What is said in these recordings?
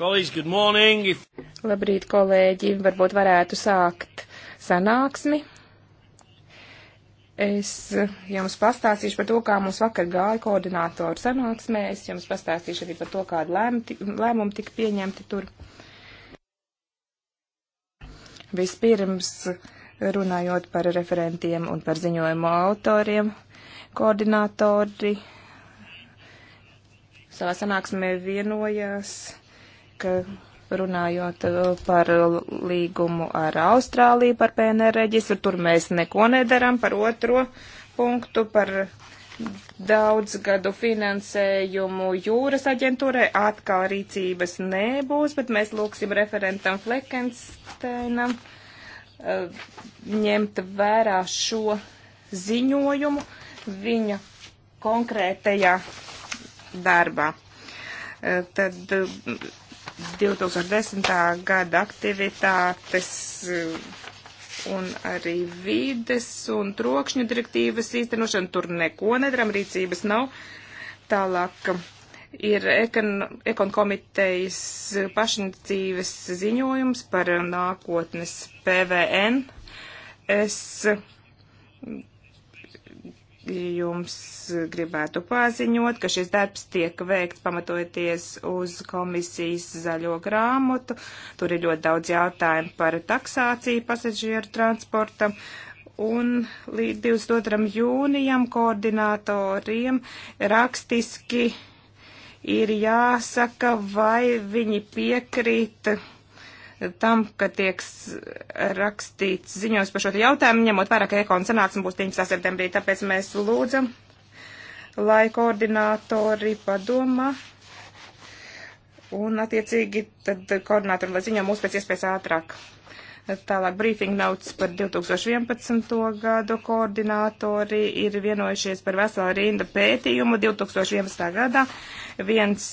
Kolēģis, good morning! If... Labrīt, kolēģi! Varbūt varētu sākt sanāksmi. Es jums pastāstīšu par to, kā mums vakar gāja koordinātoru sanāksmē. Es jums pastāstīšu arī par to, kādu lēmumu, lēmumu tika pieņemti tur. Vispirms runājot par referentiem un par ziņojumu autoriem, koordinātori savā sanāksmē vienojās ka runājot uh, par līgumu ar Austrāliju par PNR reģistru, tur mēs neko nedaram par otro punktu, par daudzgadu finansējumu jūras aģentūrai atkal rīcības nebūs, bet mēs lūksim referentam Fleckensteinam uh, ņemt vērā šo ziņojumu viņa konkrētajā darbā. Uh, tad 2010. gada aktivitātes eh, un arī vides un trokšņu direktīvas īstenošana. Tur neko nedaram, rīcības nav. Tālāk eh, ir ekon komitejas pašinicīves ziņojums par nākotnes PVN. Es jums gribētu paziņot, ka šis darbs tiek veikts pamatojoties uz komisijas zaļo grāmatu. Tur ir ļoti daudz jautājumu par taksāciju pasažieru transportam. Un līdz 22. jūnijam koordinatoriem rakstiski ir jāsaka, vai viņi piekrīt tam, ka tiek rakstīts ziņojums par šo jautājumu, ņemot vairāk ekonu sanāksmi būs 19. septembrī. Tāpēc mēs lūdzam, lai koordinātori padomā un attiecīgi tad koordinātori, lai ziņo mūs pēc iespējas ātrāk. Tālāk brīfinga nauts par 2011. gadu koordinātori ir vienojušies par veselu rindu pētījumu 2011. gadā. Viens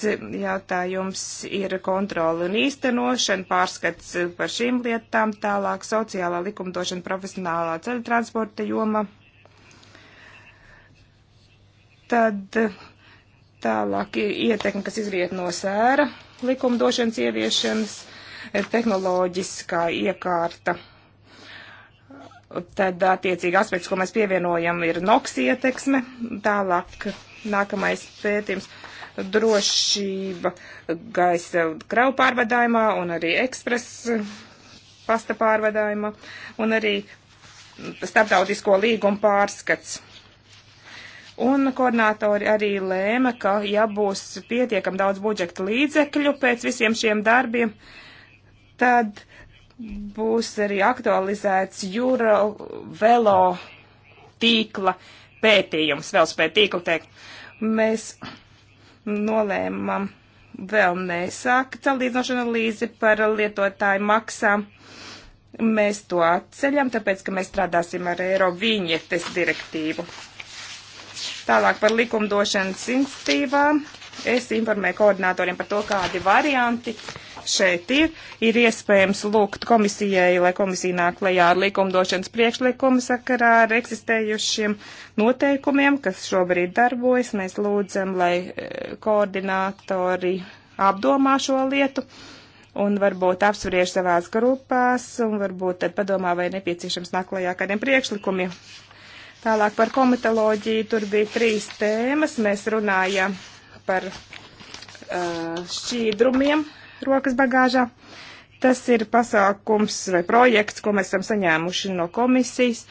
jautājums ir kontroli un īstenošana, pārskats par šīm lietām, tālāk sociālā likumdošana profesionālā ceļu transporta joma. Tad tālāk ietekme, kas izriet no sēra likumdošanas ieviešanas tehnoloģiskā iekārta. Tad attiecīgi aspekts, ko mēs pievienojam, ir NOX ieteksme. Tālāk nākamais pētījums - drošība gaisa kravu pārvadājumā un arī ekspres pasta pārvadājumā un arī starptautisko līgumu pārskats. Un koordinātori arī lēma, ka ja būs pietiekam daudz budžeta līdzekļu pēc visiem šiem darbiem, uh, Tad būs arī aktualizēts jūra velo tīkla pētījums, vēl spēja tīklu teikt. Mēs nolēmam vēl nesākt salīdzinošanu analīzi par lietotāju maksām. Mēs to atceļam, tāpēc, ka mēs strādāsim ar eiro viņetes direktīvu. Tālāk par likumdošanas institīvām. Es informēju koordinātoriem par to, kādi varianti uh, šeit ir. Ir iespējams lūgt komisijai, lai komisija nāk lejā ar likumdošanas priekšlikumu sakarā ar eksistējušiem noteikumiem, kas šobrīd darbojas. Mēs lūdzam, lai e, koordinātori apdomā šo lietu un varbūt apsvērš savās grupās un varbūt tad padomā, vai nepieciešams nāk lejā kādiem priekšlikumiem. Tālāk par komitoloģiju tur bija trīs tēmas. Mēs runājam par e, šķīdrumiem, rokas bagāžā. Tas ir pasākums vai projekts, ko mēs esam saņēmuši no komisijas.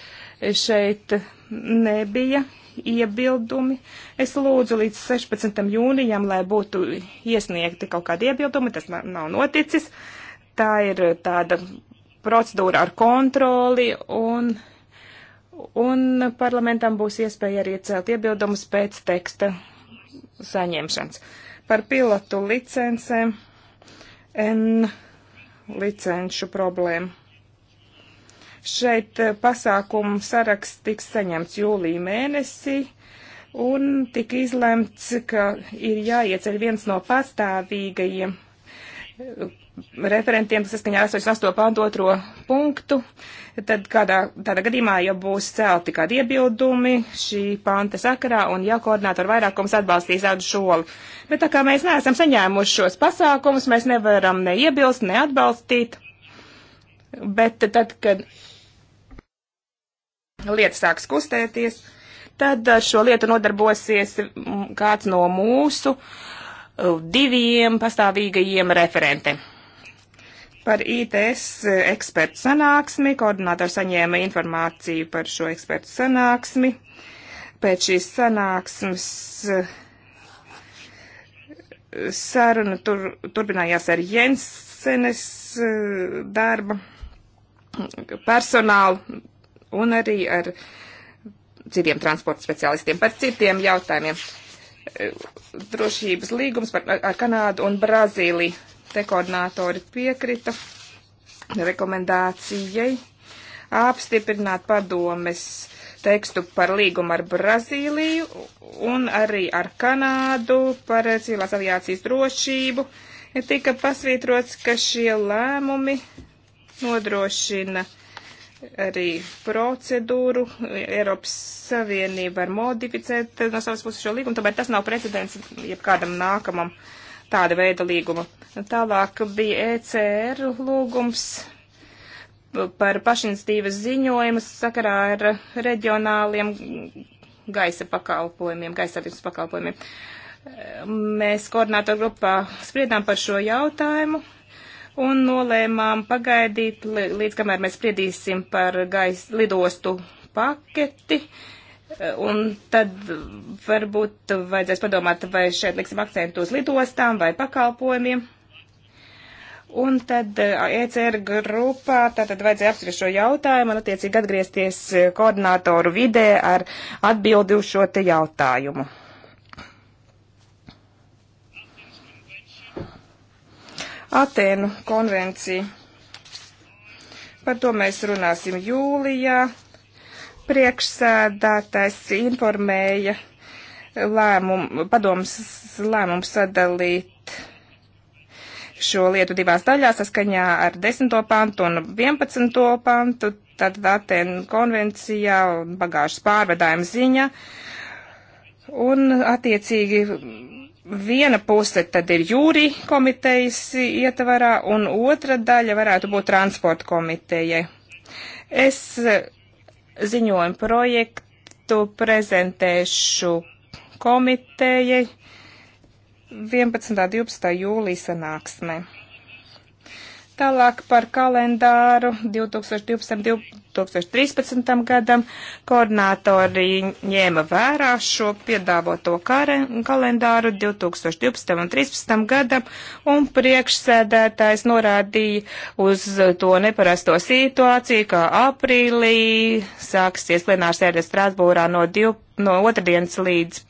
Šeit nebija iebildumi. Es lūdzu līdz 16. jūnijam, lai būtu iesniegti kaut kādi iebildumi. Tas nav noticis. Tā ir tāda procedūra ar kontroli un, un parlamentam būs iespēja arī celt iebildumus pēc teksta saņemšanas. Par pilotu licencēm N licenšu problēmu. Šeit eh, pasākumu saraksts tiks saņemts jūlija mēnesī un tika izlemts, ka ir jāieceļ viens no pastāvīgajiem referentiem saskaņā ar 88. pāntu otro punktu, tad kādā, tādā gadījumā, ja būs celti kādi iebildumi šī panta sakarā un ja koordinātori vairākums atbalstīs tādu šoli. Bet tā kā mēs neesam saņēmuši šos pasākumus, mēs nevaram ne iebilst, ne atbalstīt. Bet tad, kad lieta sāks kustēties, tad uh, šo lietu nodarbosies kāds no mūsu uh, diviem pastāvīgajiem referentiem. Par ITS ekspertu sanāksmi koordinātors saņēma informāciju par šo ekspertu sanāksmi. Pēc šīs sanāksmes eh, saruna tur, turpinājās ar Jensenes eh, darba personālu un arī ar citiem transporta speciālistiem par citiem jautājumiem drošības līgums par, ar Kanādu un Brazīliju. Te koordinātori piekrita rekomendācijai apstiprināt padomes tekstu par līgumu ar Brazīliju un arī ar Kanādu par civilās aviācijas drošību. Ir tika pasvītrots, ka šie lēmumi nodrošina uh, arī procedūru. Eiropas Savienība var modificēt no savas puses šo līgumu, tomēr tas nav precedents jebkādam nākamam tāda veida līguma. Tālāk bija ECR lūgums par pašinstīvas ziņojumu sakarā ar reģionāliem gaisa pakalpojumiem, gaisatības pakalpojumiem. Mēs koordinātoru grupā spriedām par šo jautājumu un nolēmām pagaidīt, līdz kamēr mēs spriedīsim par gaisa lidostu paketi. Un tad varbūt vajadzēs padomāt, vai šeit liksim akcentu uz lidostām vai pakalpojumiem. Un tad ECR grupā tātad vajadzēja apspriest šo jautājumu un attiecīgi atgriezties koordinātoru vidē ar atbildi uz šo te jautājumu. Atēnu konvenciju. Par to mēs runāsim jūlijā. Priekšsēdātājs informēja lēmumu, padoms lēmumu sadalīt šo lietu divās daļās saskaņā ar 10. pantu un 11. pantu. Tad Atēnu konvencijā bagāžas pārvedājuma ziņa. Un attiecīgi viena puse tad ir jūri komitejas ietvarā, un otra daļa varētu būt transporta komitejai. Es eh, ziņojumu projektu prezentēšu komitejai 11. un 12. jūlijas sanāksmē. Tālāk par kalendāru 2012. 2013. gadam. Koordinātori ņēma vērā šo piedāvoto kalendāru 2012. un 2013. gadam, un priekšsēdētājs norādīja uz to neparasto situāciju, kā aprīlī sāksies plenārsēde Strasbūrā no 12 no otrdienas līdz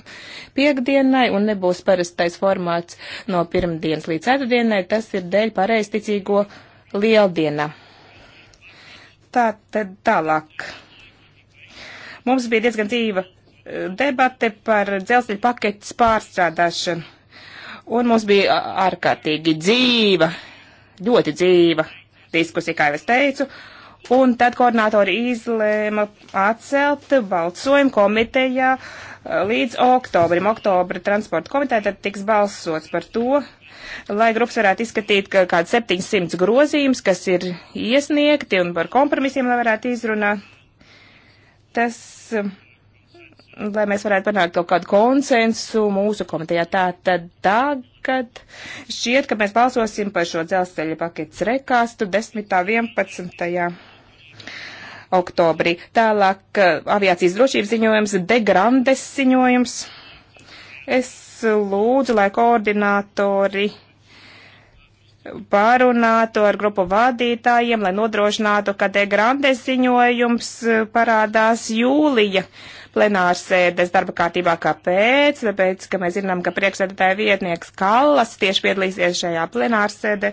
piekdienai un nebūs parastais formāts no pirmdienas līdz ceturtdienai. Tas ir dēļ pareizticīgo lieldiena. Tā tad tālāk. Mums bija diezgan dzīva e, debate par dzelzceļa paketes pārstrādāšanu. Un mums bija ārkārtīgi dzīva, ļoti dzīva diskusija, kā jau es teicu. Un tad koordinātori izlēma atcelt balsojumu komitejā e, līdz oktobrim. Oktobra transporta komitejā tad tiks balsots par to, lai grupas varētu izskatīt ka kādu 700 grozījumus, kas ir iesniegti un par kompromisiem, lai varētu izrunāt. Tas, lai mēs varētu panākt kaut kādu konsensu mūsu komitejā. Tā tad tagad šķiet, ka mēs balsosim par šo dzelzceļa paketes rekāstu 10. 11 oktobrī. Tālāk eh, aviācijas drošības ziņojums, degrandes ziņojums. Es lūdzu, lai koordinātori pārunātu ar grupu vadītājiem, lai nodrošinātu, ka te grandes ziņojums eh, parādās jūlija plenārsēdes darba kārtībā. Kāpēc? Tāpēc, ka mēs zinām, ka priekšsēdētāja vietnieks Kallas tieši piedalīsies šajā plenārsēdē.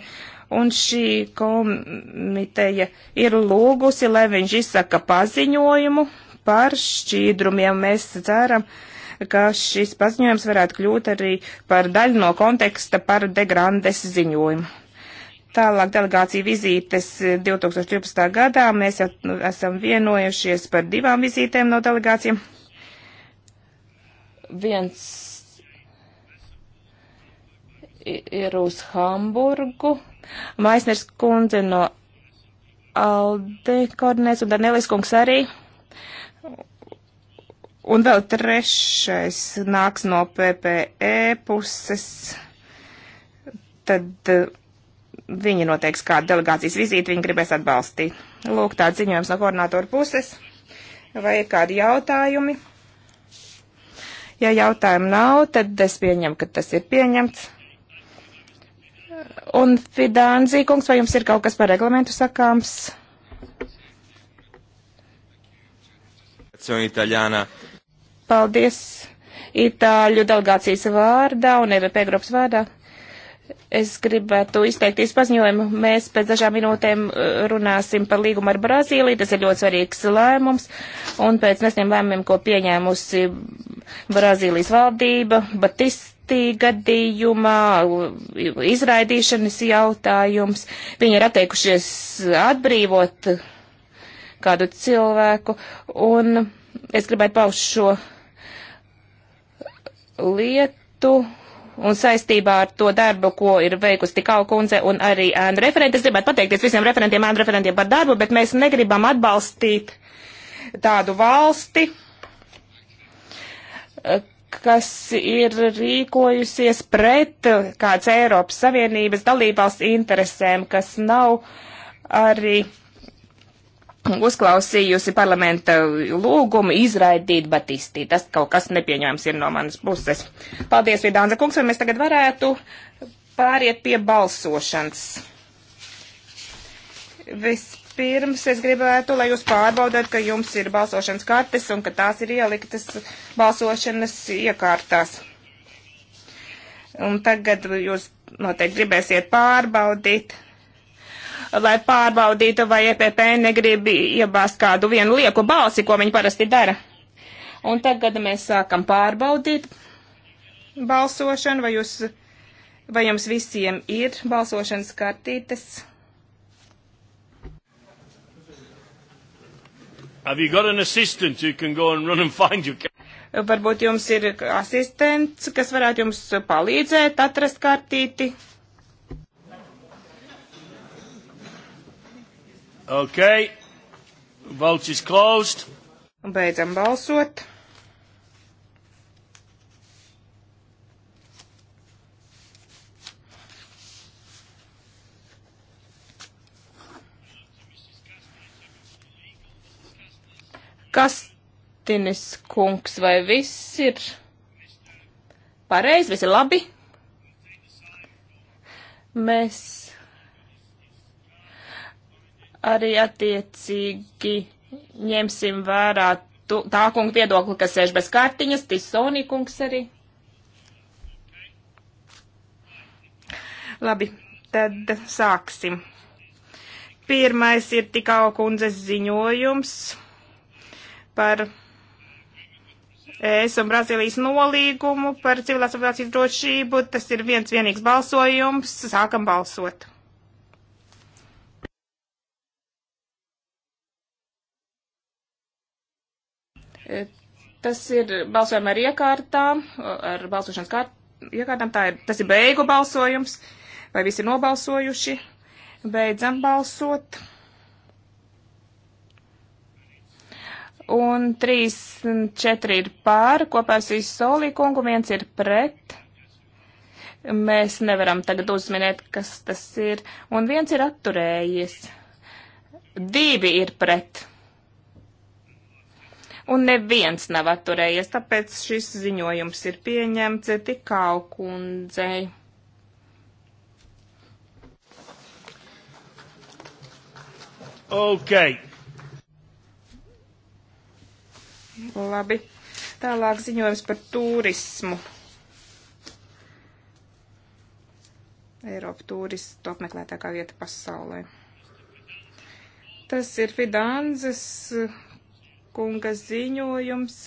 Un šī komiteja ir lūgusi, lai viņš izsaka paziņojumu par šķīdrumiem. Mēs ceram, uh, ka šis paziņojums varētu kļūt arī par daļu no konteksta par Degrandes ziņojumu. Tālāk delegācija vizītes 2012. Eh, gadā mēs nu, esam vienojušies par divām vizītēm no delegācijām. Viens ir uz Hamburgu. Maisners kundze no Alde koordinēs un Danielis kungs arī. Un vēl trešais nāks no PPE puses. Tad eh, viņi noteiks kādu delegācijas vizīti, viņi gribēs atbalstīt. Lūk, tāds ziņojums no koordinātora puses. Vai ir kādi jautājumi? Ja jautājumu nav, tad es pieņemu, ka tas ir pieņemts. Un Fidānzī, kungs, vai jums ir kaut kas par reglamentu sakāms? Italiana paldies Itāļu delegācijas vārdā un EVP grupas vārdā. Es gribētu izteikties paziņojumu. Mēs pēc dažām minūtēm uh, runāsim par līgumu ar Brazīliju. Tas ir ļoti svarīgs lēmums. Un pēc nesniem lēmumiem, ko pieņēmusi Brazīlijas valdība, Batistī gadījumā, uh, izraidīšanas jautājums, viņi ir atteikušies atbrīvot kādu cilvēku. Un es gribētu paust šo lietu un saistībā ar to darbu, ko ir veikusi Tikau kundze un arī ēnu referenti. Es gribētu pateikties visiem referentiem, ēnu referentiem par darbu, bet mēs negribam atbalstīt tādu valsti, kas ir rīkojusies pret kāds Eiropas Savienības dalībvalsts interesēm, kas nav arī uh, uzklausījusi parlamenta lūgumu izraidīt Batistī. Tas kaut kas nepieņēmums ir no manas puses. Paldies, Vidānza kungs, vai mēs tagad varētu pāriet pie balsošanas. Vispirms es gribētu, lai jūs pārbaudat, ka jums ir balsošanas kartes un ka tās ir ieliktas balsošanas iekārtās. Un tagad jūs noteikti gribēsiet pārbaudīt lai pārbaudītu, vai EPP negrib iebāzt kādu vienu lieku balsi, ko viņi parasti dara. Un tagad mēs sākam pārbaudīt balsošanu, vai, jūs, vai jums visiem ir balsošanas kartītes. Have you got an assistant who can go and run and find you? Varbūt jums ir asistents, kas varētu jums palīdzēt atrast kartīti. Ok. Vote is closed. Un beidzam balsot. Kastinis kungs, vai viss ir pareizi, viss ir labi? Mēs arī attiecīgi ņemsim vērā tu, tā kunga viedokli, kas sēž bez kartiņas, Tisonī kungs arī. Labi, tad sāksim. Pirmais ir tikau kundzes ziņojums par ES un Brazīlijas nolīgumu par civilās aviācijas drošību. Tas ir viens vienīgs balsojums. Sākam balsot. E, tas ir balsojumi ar iekārtām, ar balsošanas kārt, iekārtām. Tā ir, tas ir beigu balsojums. Vai visi ir nobalsojuši? Beidzam balsot. Un 3, 4 ir pār, kopā ar Solī kungu viens ir pret. Mēs nevaram tagad uzminēt, kas tas ir. Un viens ir atturējies. Divi ir pret un neviens nav atturējies, tāpēc šis ziņojums ir pieņemts tikau kundzei. Ok. Labi. Tālāk ziņojums par turismu. Eiropa turistu apmeklētākā vieta pasaulē. Tas ir Fidanzas kunga ziņojums.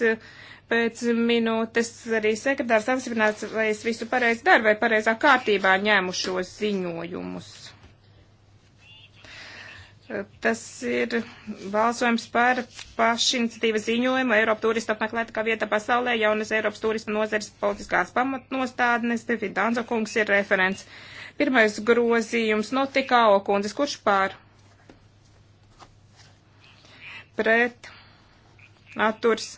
Pēc minūtes arī sekretārs apstiprinās, vai es visu pareizi daru, vai pareizā kārtībā ņēmu šos ziņojumus. Tas ir balsojums par pašiniciatīvas ziņojumu Eiropa turista apmeklētākā vieta pasaulē, jaunas Eiropas turisma nozares politiskās pamatnostādnes, Devi Danzokungs ir referents. Pirmais grozījums no Tikāo kundzes, kurš pār? Pret atturs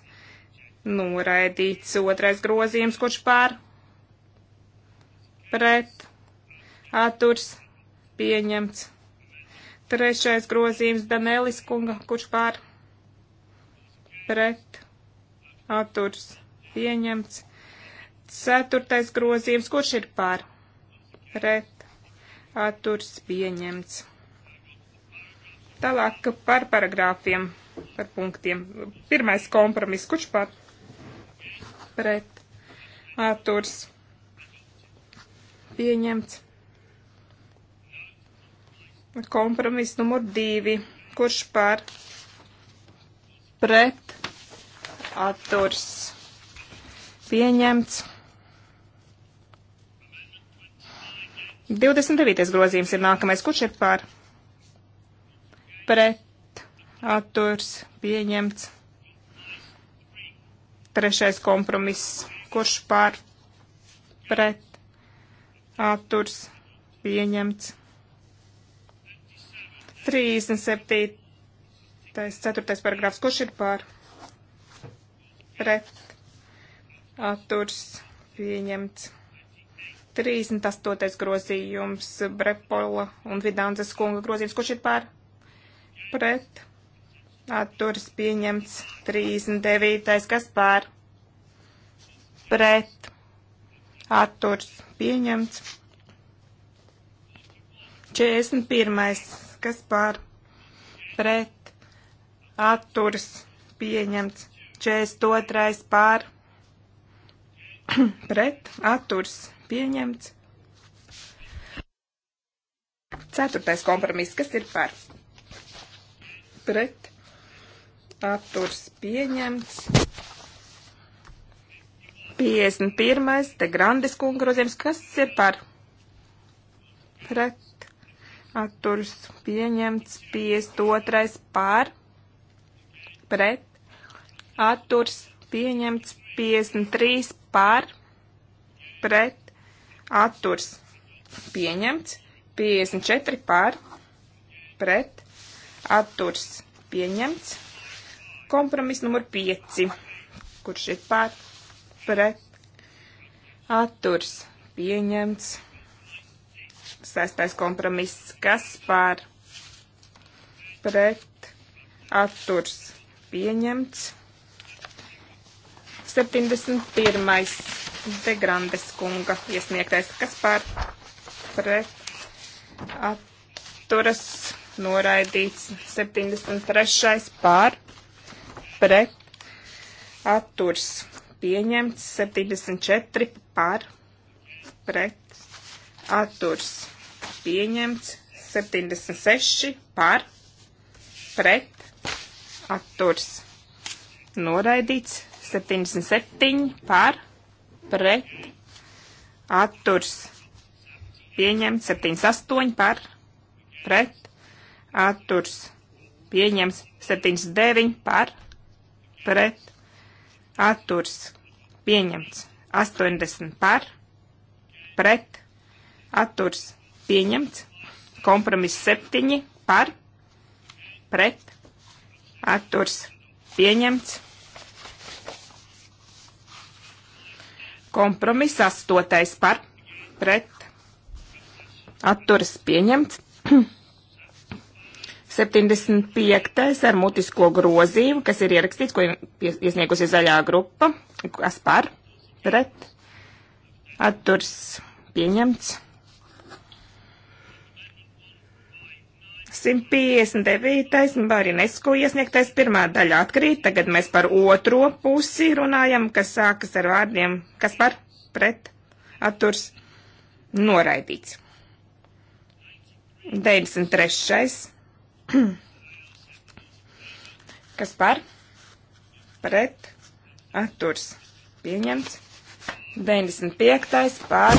noraidīts. Otrais grozījums, kurš pār pret atturs pieņemts. Trešais grozījums Danēlis kunga, kurš pār pret atturs pieņemts. Ceturtais grozījums, kurš ir pār pret atturs pieņemts. Tālāk par paragrāfiem par punktiem. Pirmais kompromiss, kurš par pret atturs pieņemts. Kompromiss numur divi, kurš par pret atturs pieņemts. 29. grozījums ir nākamais. Kurš ir par? Pret atturs pieņemts. Trešais kompromiss, kurš pār pret atturs pieņemts. 37. 4. paragrāfs, kurš ir pār pret atturs pieņemts. 38. grozījums Brepola un Vidānzes kunga grozījums, kurš ir pār pret atturas pieņemts 39. kas pār pret atturas pieņemts 41. kas pār pret atturas pieņemts 42. pār pret atturas pieņemts. Ceturtais kompromiss, kas ir par pret atturs pieņemts. 51. te Grandes kunga grozījums, kas ir par pret atturs pieņemts. 52. par pret atturs pieņemts. 53. par pret atturs pieņemts. 54. par pret atturs pieņemts. Kompromiss numur 5, kurš ir pār pret atturs pieņemts. Sestais kompromiss, kas pār pret atturs pieņemts. 71. Degrandes kunga iesniegtais, kas pār pret atturas noraidīts 73. pār pret atturs pieņemts 74 par pret atturs pieņemts 76 par pret atturs noraidīts 77 par pret atturs pieņemts 78 par pret atturs pieņemts 79 par pret pret atturs pieņemts 80 par pret atturs pieņemts kompromiss 7 par pret atturs pieņemts kompromiss 8 par pret atturs pieņemts 75. ar mutisko grozījumu, kas ir ierakstīts, ko iesniegusi zaļā grupa. Kas par? Pret? Atturs pieņemts. 159. Barinesko iesniegtais pirmā daļa atkrīt, tagad mēs par otro pusi runājam, kas sākas ar vārdiem, kas par pret atturs noraidīts. 93. Kas par? Pret. Atturs. Pieņemts. 95. par.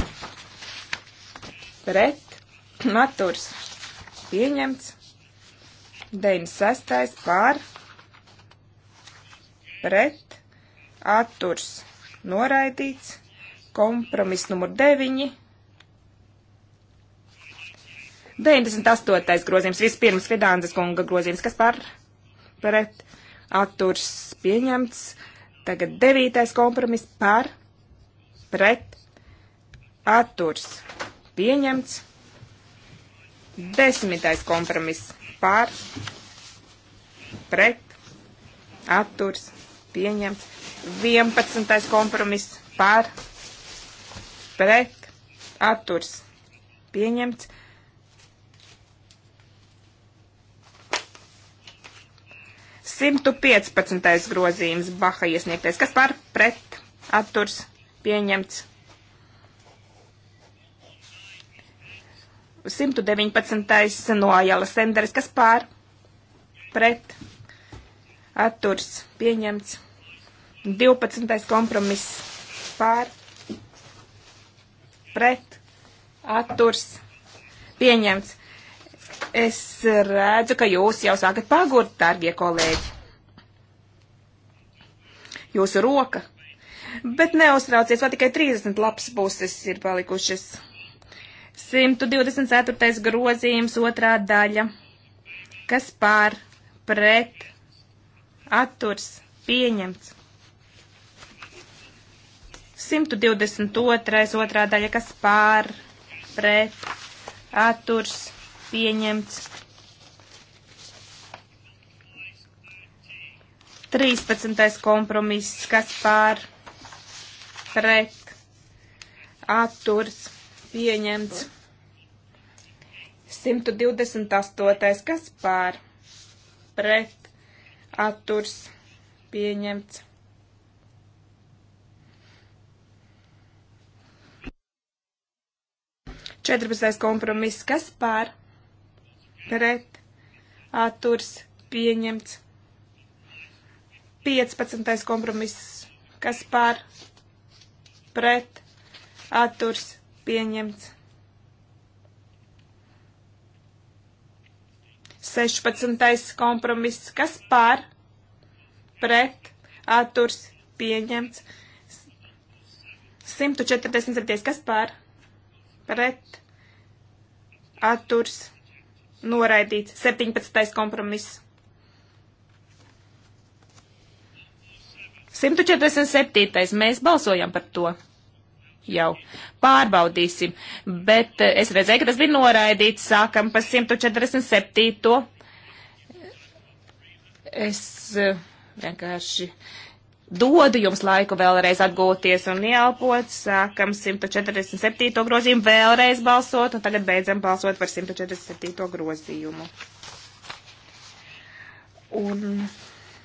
Pret. Atturs. Pieņemts. 96. par. Pret. Atturs. Noraidīts. Kompromiss numur 9 98. grozījums, vispirms Fidānzes kunga grozījums, kas par pret atturs pieņemts. Tagad 9. kompromis par pret atturs pieņemts. 10. kompromis par pret atturs pieņemts. 11. kompromis par pret atturs pieņemts. 115. grozījums Baha iesniegtais. Kas par pret atturs pieņemts? 119. no Ajala Senderes. Kas par pret atturs pieņemts? 12. kompromiss par pret atturs pieņemts. Es redzu, ka jūs jau sākat pagurt, dārgie kolēģi. Jūsu roka. Bet neuztraucies, vēl tikai 30 lapas puses ir palikušas. 124. grozījums, otrā daļa. Kas pār, pret, atturs, pieņemts. 122. otrā daļa, kas pār, pret, atturs, pieņemts pieņemts. 13. kompromiss, kas pār pret atturs pieņemts. 128. kas pār pret atturs pieņemts. Četrpadsmitais kompromiss, kas pār pret atturs pieņemts. 15. kompromiss, kas par pret atturs pieņemts. 16. kompromiss, kas par pret atturs pieņemts. 147. kas par pret atturs pieņemts noraidīts. 17. kompromiss. 147. Mēs balsojam par to jau. Pārbaudīsim. Bet eh, es redzēju, ka tas bija noraidīts. Sākam pa 147. Es eh, vienkārši dodu jums laiku vēlreiz atgūties un ieelpot. Sākam 147. grozījumu vēlreiz balsot, un tagad beidzam balsot par 147. grozījumu. Un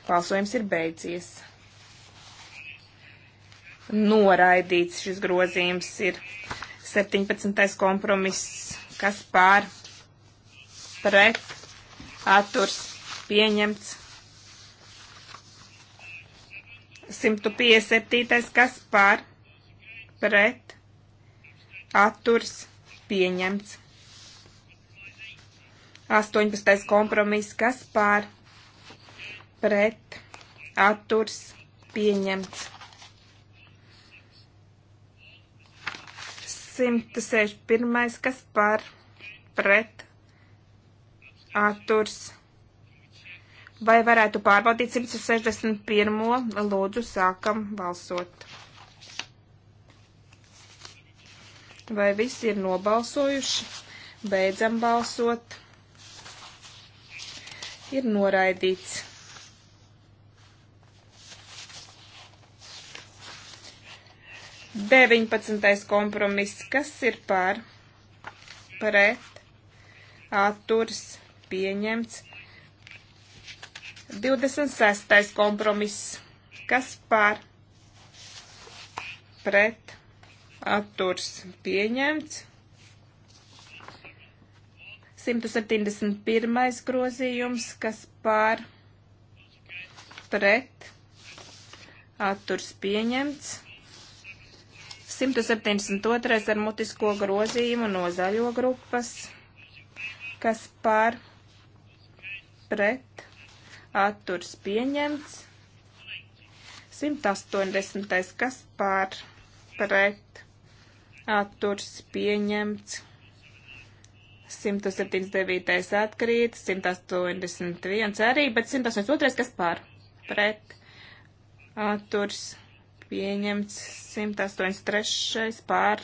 balsojums ir beidzies. Noraidīts šis grozījums ir 17. kompromiss, kas pār pret atturs pieņemts 157. kas par pret atturs pieņemts. 18. kompromiss, kas par pret atturs pieņemts. 161. kas par pret atturs pieņemts Vai varētu pārbaudīt 161. lūdzu sākam balsot. Vai visi ir nobalsojuši? Beidzam balsot. Ir noraidīts. Deviņpadsmitais kompromiss, kas ir par, pret, atturs, pieņemts. 26. kompromiss. Kas pār? Pret. Atturs pieņemts. 171. grozījums, kas pār pret atturs pieņemts. 172. ar mutisko grozījumu no zaļo grupas, kas pār pret atturs pieņemts. 180. kas pār pret atturs pieņemts. 179. atkrīt, 181 arī, bet 182. kas pār pret atturs pieņemts. 183. pār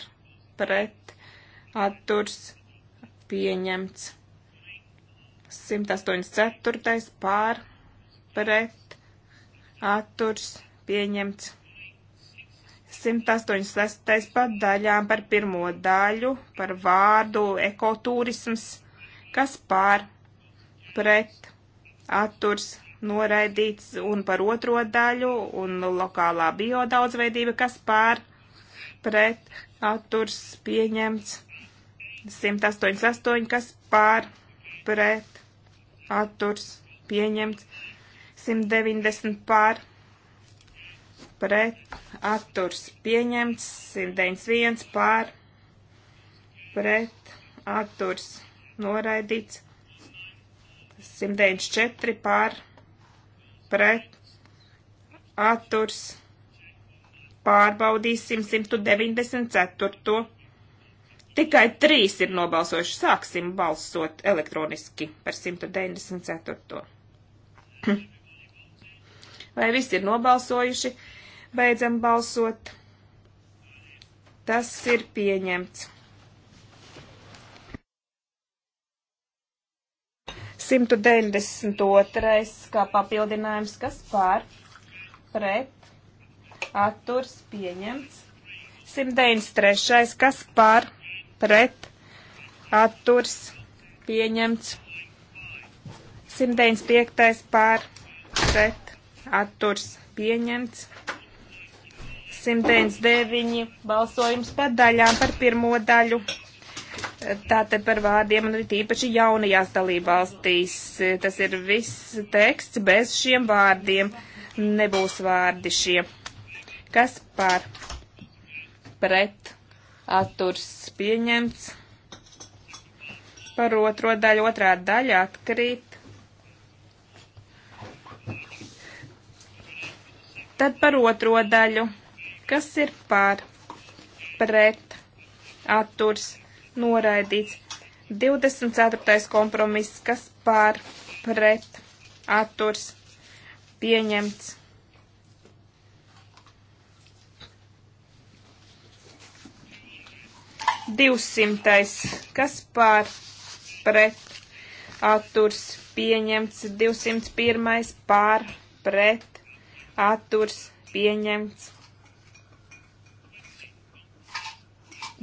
pret atturs pieņemts. 184. pār pret atturs pieņemts. 186. pat daļām par pirmo daļu, par vārdu ekoturisms, kas pār pret atturs noraidīts, un par otro daļu, un lokālā biodaudzveidība, kas pār pret atturs pieņemts. 188, kas pār pret atturs pieņemts. 190 pār pret atturs pieņemts, 191 pār pret atturs noraidīts, 194 pār pret atturs pārbaudīsim 194. Tikai trīs ir nobalsojuši. Sāksim balsot elektroniski par 194. Vai visi ir nobalsojuši? Beidzam balsot. Tas ir pieņemts. 192. kā papildinājums, kas pār, pret, atturs, pieņemts. 193. kas pār, pret, atturs, pieņemts. 195. pār, pret, atturs pieņemts. 109 balsojums par daļām par pirmo daļu. Tātad par vārdiem un tīpaši jaunajās dalībvalstīs. Tas ir viss teksts bez šiem vārdiem. Nebūs vārdi šie. Kas par pret atturs pieņemts? Par otro daļu, otrā daļa atkrīt. Tad par otro daļu. Kas ir pār? Pret. Atturs. Noraidīts. 24. kompromiss. Kas pār? Pret. Atturs. Pieņemts. Divsimtais, kas pār pret atturs pieņemts, 201 pār pret atturs pieņemts.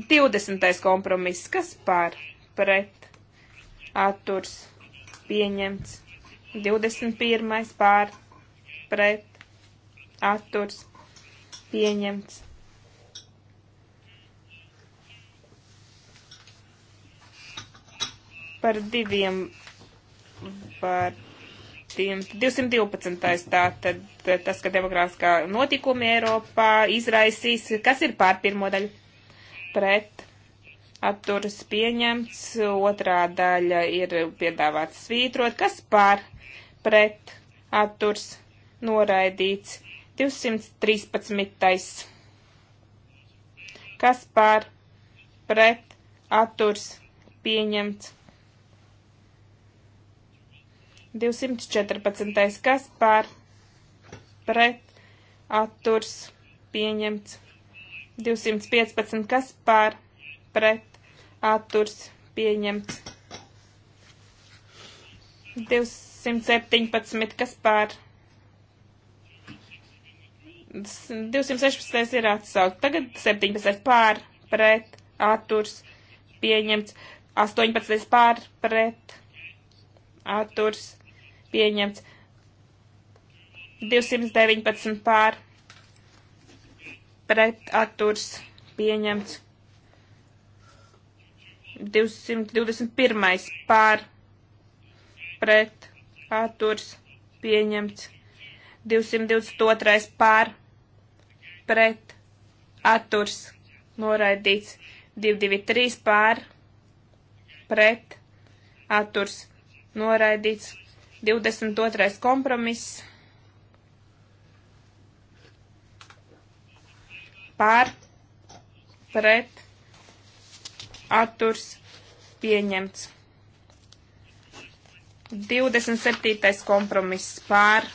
20. kompromiss, kas par pret atturs pieņemts. 21. pār pret atturs pieņemts. Par diviem var 212. Tātad eh, tas, ka demokrātiskā notikumi Eiropā izraisīs, kas ir pār pirmo daļu pret atturas pieņemts, otrā daļa ir piedāvāts svītrot, kas pār pret atturs noraidīts 213. Kas pār pret atturs pieņemts 214. kas par pret atturs pieņemts. 215. kas par pret atturs pieņemts. 217. kas par 216. ir atsaukt. Tagad 17. pār pret atturs pieņemts. 18. pār pret atturs pieņemts 219 pār pret atturs pieņemts 221 pār pret atturs pieņemts 222 pār pret atturs noraidīts 223 pār pret atturs noraidīts 22. kompromiss pār, pret, atturs, pieņemts. 27. kompromiss pār,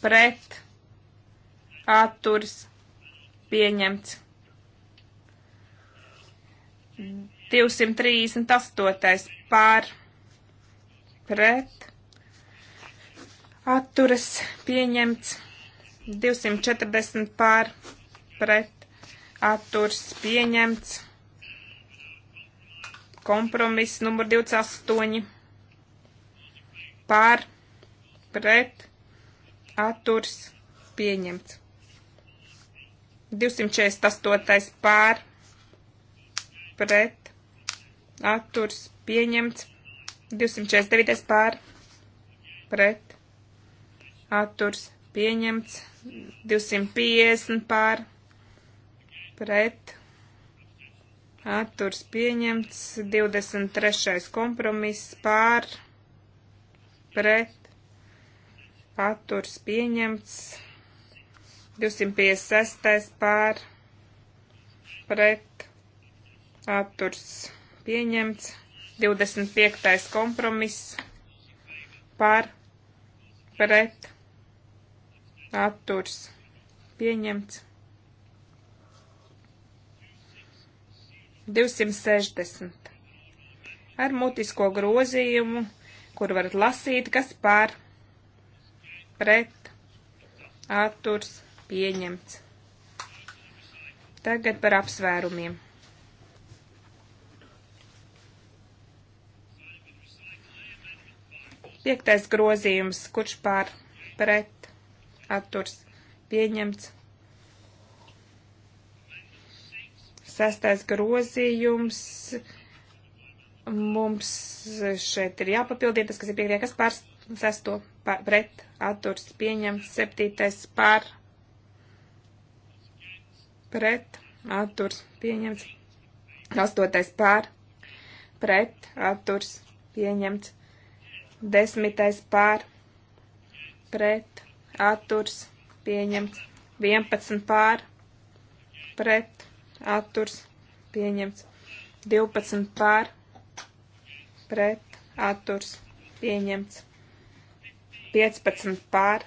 pret, atturs, pieņemts. 238. pār, pret, pret atturas pieņemts 240 pār pret atturs pieņemts kompromiss numur 28 pār pret atturs pieņemts 248 pār pret atturs pieņemts 249 pār pret atturs pieņemts, 250 pār pret atturs pieņemts, 23. kompromiss pār pret atturs pieņemts, 256 pār pret atturs pieņemts. 25. kompromiss par pret atturs pieņemts. 260. Ar mutisko grozījumu, kur varat lasīt, kas par pret atturs pieņemts. Tagad par apsvērumiem. Piektais grozījums, kurš pār pret atturs pieņemts. Sestais grozījums. Mums šeit ir jāpapildīt tas, kas ir piektajā, kas pār sesto pār, pret atturs pieņemts. Septītais pār pret atturs pieņemts. Astotais pār pret atturs pieņemts. Desmitais pār pret atturs pieņemts. 11 pār pret atturs pieņemts. 12 pār pret atturs pieņemts. 15 pār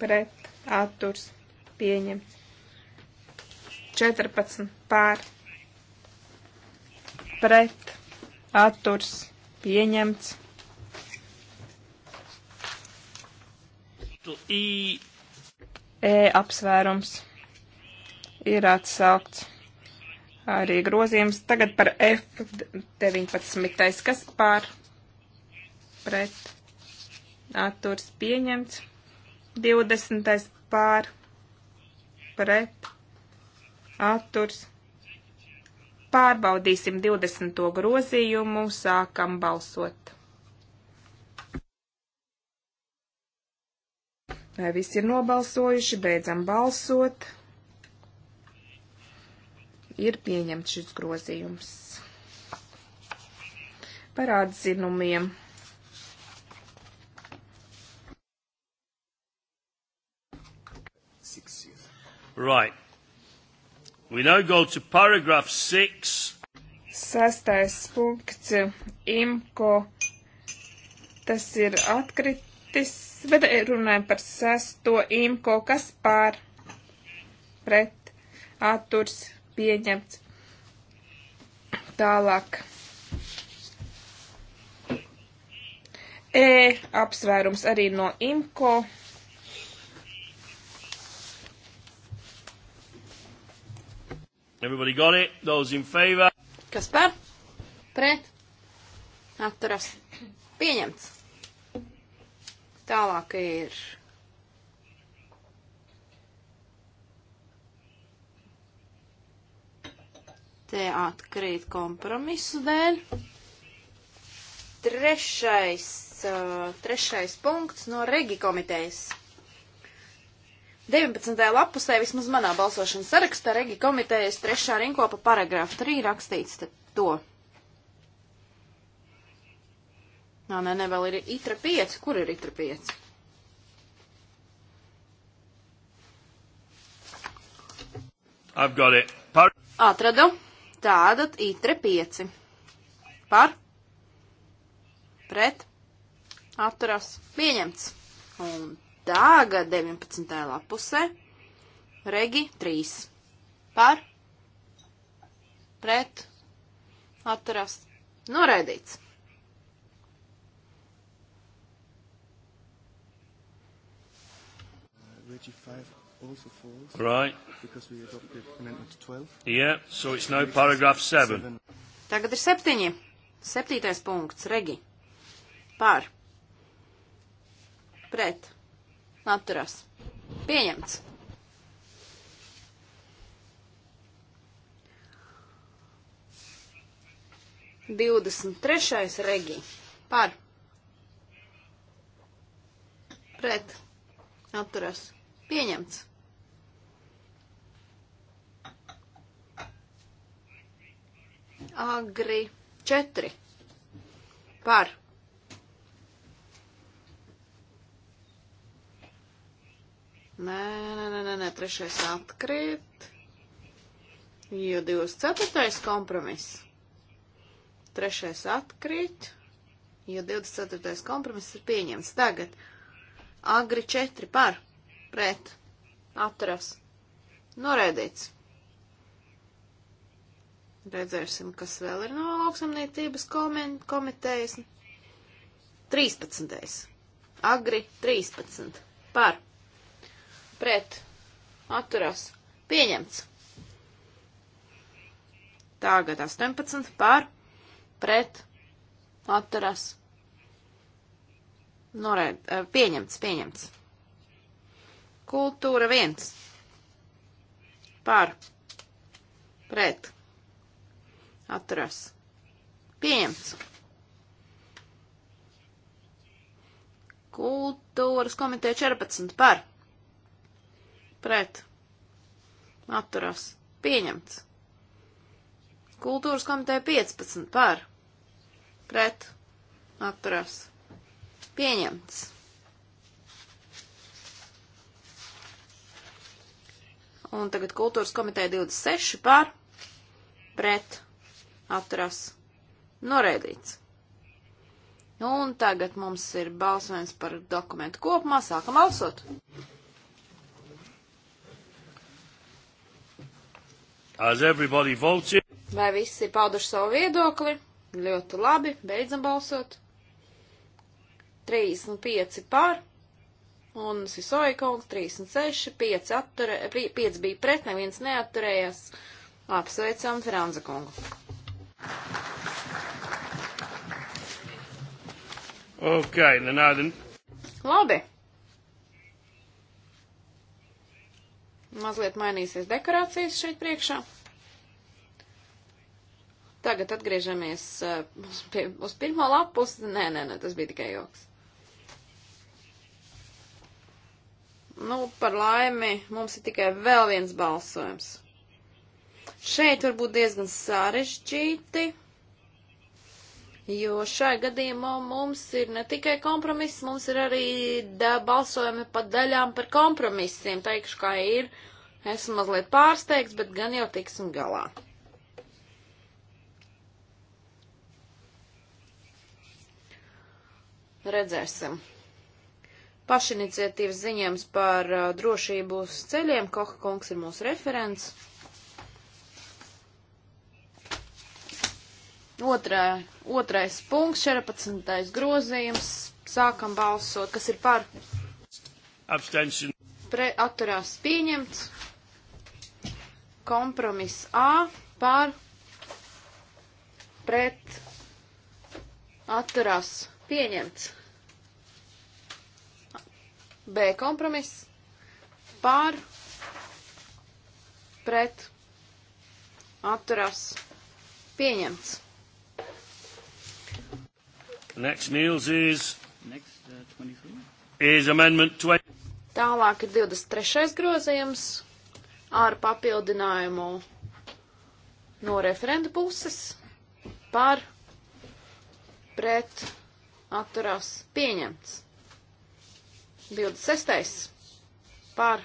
pret atturs pieņemts. 14 pār pret atturs pieņemts pieņemts. I. E apsvērums ir atsaukts. Arī grozījums tagad par F19, kas pār pret atturs pieņemts. 20. pār pret atturs pieņemts Pārbaudīsim 20. grozījumu, sākam balsot. Vai visi ir nobalsojuši, beidzam balsot. Ir pieņemts šis grozījums. Par atzinumiem. Right. We now go to paragraph 6. Sastais punkts imko. Tas ir atkritis, bet runājam par sesto imko, kas pār pret atturs pieņemts. Tālāk. E apsvērums arī no imko. Everybody got it? Those in favor? Kas par? Pret? Atturas. Pieņemts. Tālāk ir. Te atkrīt kompromisu dēļ. Trešais, uh, trešais punkts no Regi komitejas. 19. lapusē, vismaz manā balsošanas sarakstā, Regi komitejas trešā rinkopa paragrāfa 3 rakstīts to. Nā, nē, nē, vēl ir itra 5. Kur ir itra 5? Apgādē. Par. Atradu. Tātad itra 5. Par. Pret. Atturas. Pieņemts. Un Tagad 19. lapusē regi 3 par pret atturās noraidīts. Regi 5 also falls. Right. Because we adopted amendment 12. Yeah, so it's now paragraph 7. Tagad ir septiņi. Septītais punkts, Regi. Pār. Pret. Atturās. Pieņemts. Divdesmit trešais regi. Par. Pret. Atturās. Pieņemts. Agri. Četri. Par Nē, nē, nē, nē, nē trešais atkrīt, jo 24. kompromiss. Trešais atkrīt, jo 24. kompromiss ir pieņemts. Tagad agri 4 par, pret, atturas, noraidīts. Redzēsim, kas vēl ir no lauksamniecības komitejas. 13. Agri 13. Par pret, atturās, pieņemts. Tagad 18 par, pret, atturās, noraid, eh, pieņemts, pieņemts. Kultūra 1 par, pret, atturās, pieņemts. Kultūras komiteja 14 par pret, atturās, pieņemts. Kultūras komiteja 15 par, pret, atturās, pieņemts. Un tagad kultūras komiteja 26 par, pret, atturās, noraidīts. Un tagad mums ir balsojums par dokumentu kopumā, sākam balsot. Vai visi ir pauduši savu viedokli? Ļoti labi, beidzam balsot. 35 pār, un Sisoikungs 36, 5, atturē, 5 bija pret, neviens neatturējās. Apsveicam Franza kungu. Ok, nenādi. Labi. Mazliet mainīsies dekorācijas šeit priekšā. Tagad atgriežamies uz, uh, pie, uz pirmo lapus. Nē, nē, nē, tas bija tikai joks. Nu, par laimi, mums ir tikai vēl viens balsojums. Šeit var būt diezgan sarežģīti jo šai gadījumā mums ir ne tikai kompromiss, mums ir arī balsojumi pa daļām par kompromisiem. Teikšu, kā ir. Esmu mazliet pārsteigts, bet gan jau tiksim galā. Redzēsim. Pašiniciatīvas ziņojums par uh, drošību uz ceļiem. Koha kungs ir mūsu referents. otrā, otrais punkts, 14. grozījums. Sākam balsot, kas ir par. Abstention. Pre, atturās pieņemts. Kompromiss A par. Pret. Atturās pieņemts. B kompromiss par. Pret. Atturās pieņemts. Next, Niels, is, Next, uh, is amendment 20. Tālāk ir 23. grozījums ar papildinājumu no referenta puses par pret atturās pieņemts. 26. par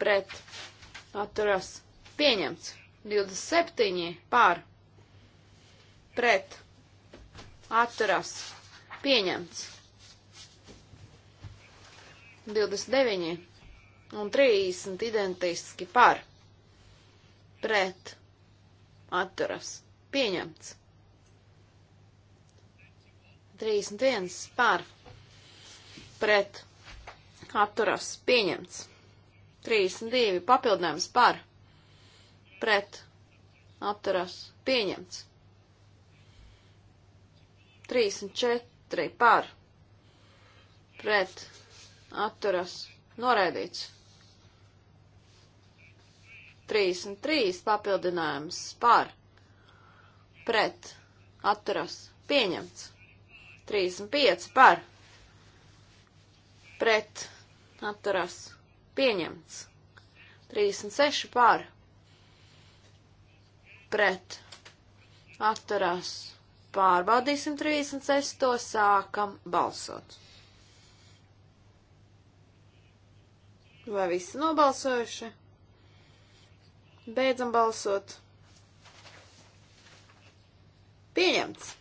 pret atturās pieņemts. 27. par pret atturās pieņemts. 29 un 30 identiski par, pret, atturas, pieņemts. 31 par, pret, atturas, pieņemts. 32 papildinājums par, pret, atturas, pieņemts. 34 par pret atturas noraidīts. 33 papildinājums par pret atturas pieņemts. 35 par pret atturas pieņemts. 36 par pret atturas Pārbaudīsim 36. sākam balsot. Vai visi nobalsojuši? Beidzam balsot. Pieņemts.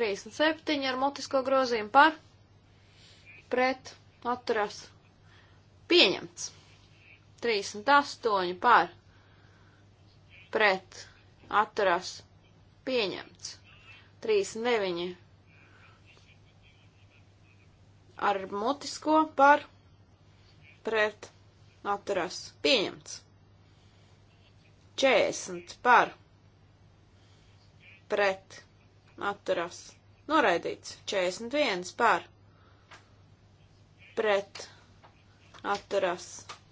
37 ar mutisko grozījumu par, pret, atturas, pieņemts. 38 par, pret, atturās, pieņemts. 39 ar mutisko par, pret, atturās, pieņemts. 40 par, pret, atturās, noraidīts. 41 par, pret, atturās, pieņemts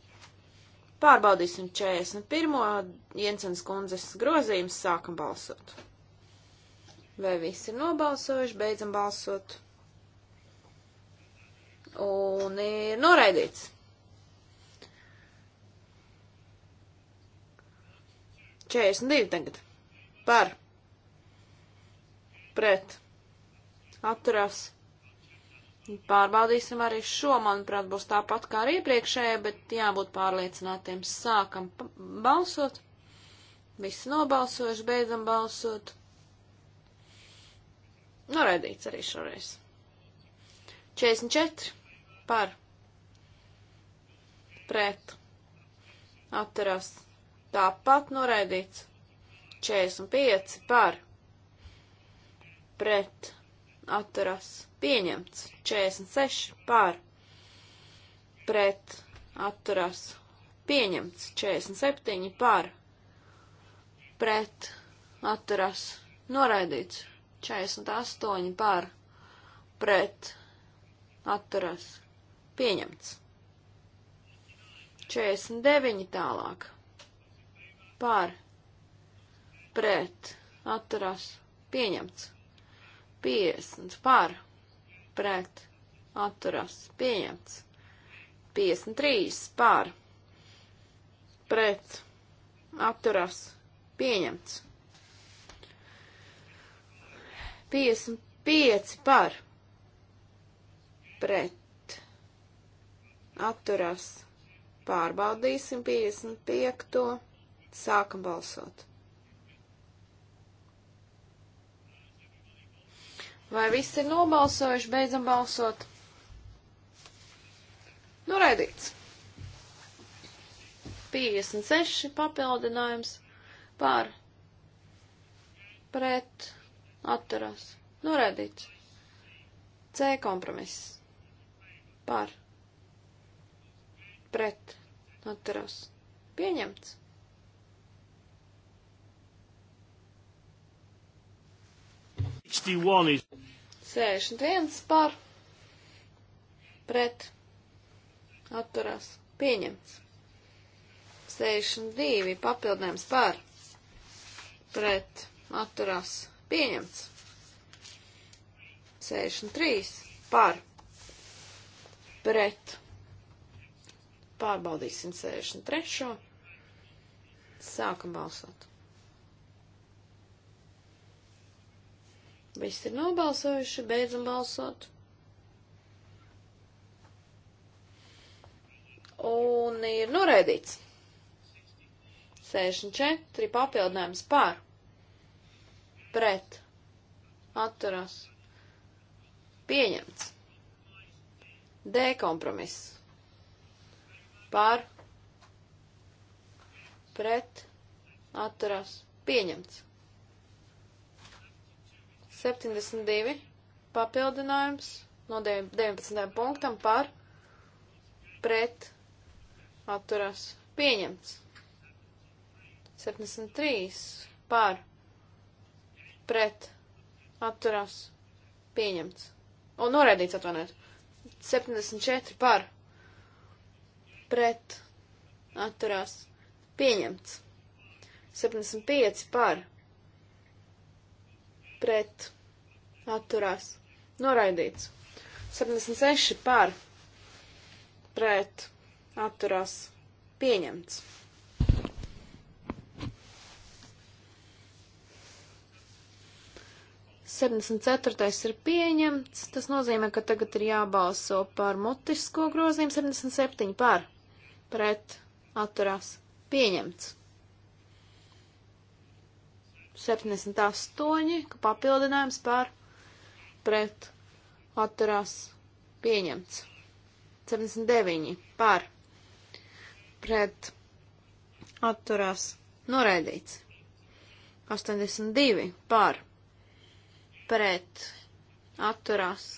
Pārbaudīsim 41. Jensens kundzes grozījums, sākam balsot. Vai visi ir nobalsojuši, beidzam balsot? Un ir noraidīts. 42 tagad. Par. Pret. Atturās. Pārbaudīsim arī šo, manuprāt, būs tāpat kā arī iepriekšējā, bet jābūt pārliecinātiem. Sākam balsot, visi nobalsojuši, beidzam balsot. Noraidīts nu, arī šoreiz. 44 par pret atturās tāpat noraidīts. Nu, 45 par pret atturās pieņemts. 46 par pret atturās pieņemts. 47 par pret atturās noraidīts. 48 par pret atturās pieņemts. 49 tālāk par pret atturās pieņemts. 50 par pret atturas pieņemts. 53 par pret atturas pieņemts. 55 par pret atturas pārbaudīsim 55. Sākam balsot. Vai viss ir nobalsojuši? Beidzam balsot. Noraidīts. Nu, 56 papildinājums pār pret atturās. Noraidīts. Nu, C kompromiss. Par. Pret. Atturās. Pieņemts. 61 par pret atturās pieņemts. 62 papildinājums par pret atturās pieņemts. 63 par pret pārbaudīsim 63. Sākam balsot. Viss ir nobalsojuši, beidzam balsot. Un ir noraidīts. 64 papildinājums par. Pret. Atturas. Pieņemts. D kompromiss. Par. Pret. Atturas. Pieņemts. 72 papildinājums no 19. punktam par pret atturas pieņemts. 73 par pret atturas pieņemts. Un noraidīts atvainojiet. 74 par pret atturās pieņemts. 75 par pret atturās noraidīts. 76 par pret atturās pieņemts. Sedemdesmit ceturtais ir pieņemts, tas nozīmē, ka tagad ir jābalso par mutisko grozījumu, sedemdesmit septiņi par, pret, atturās, pieņemts. 78, ka papildinājums par pret atturās pieņemts. 79 par pret atturās noraidīts. 82 par pret atturās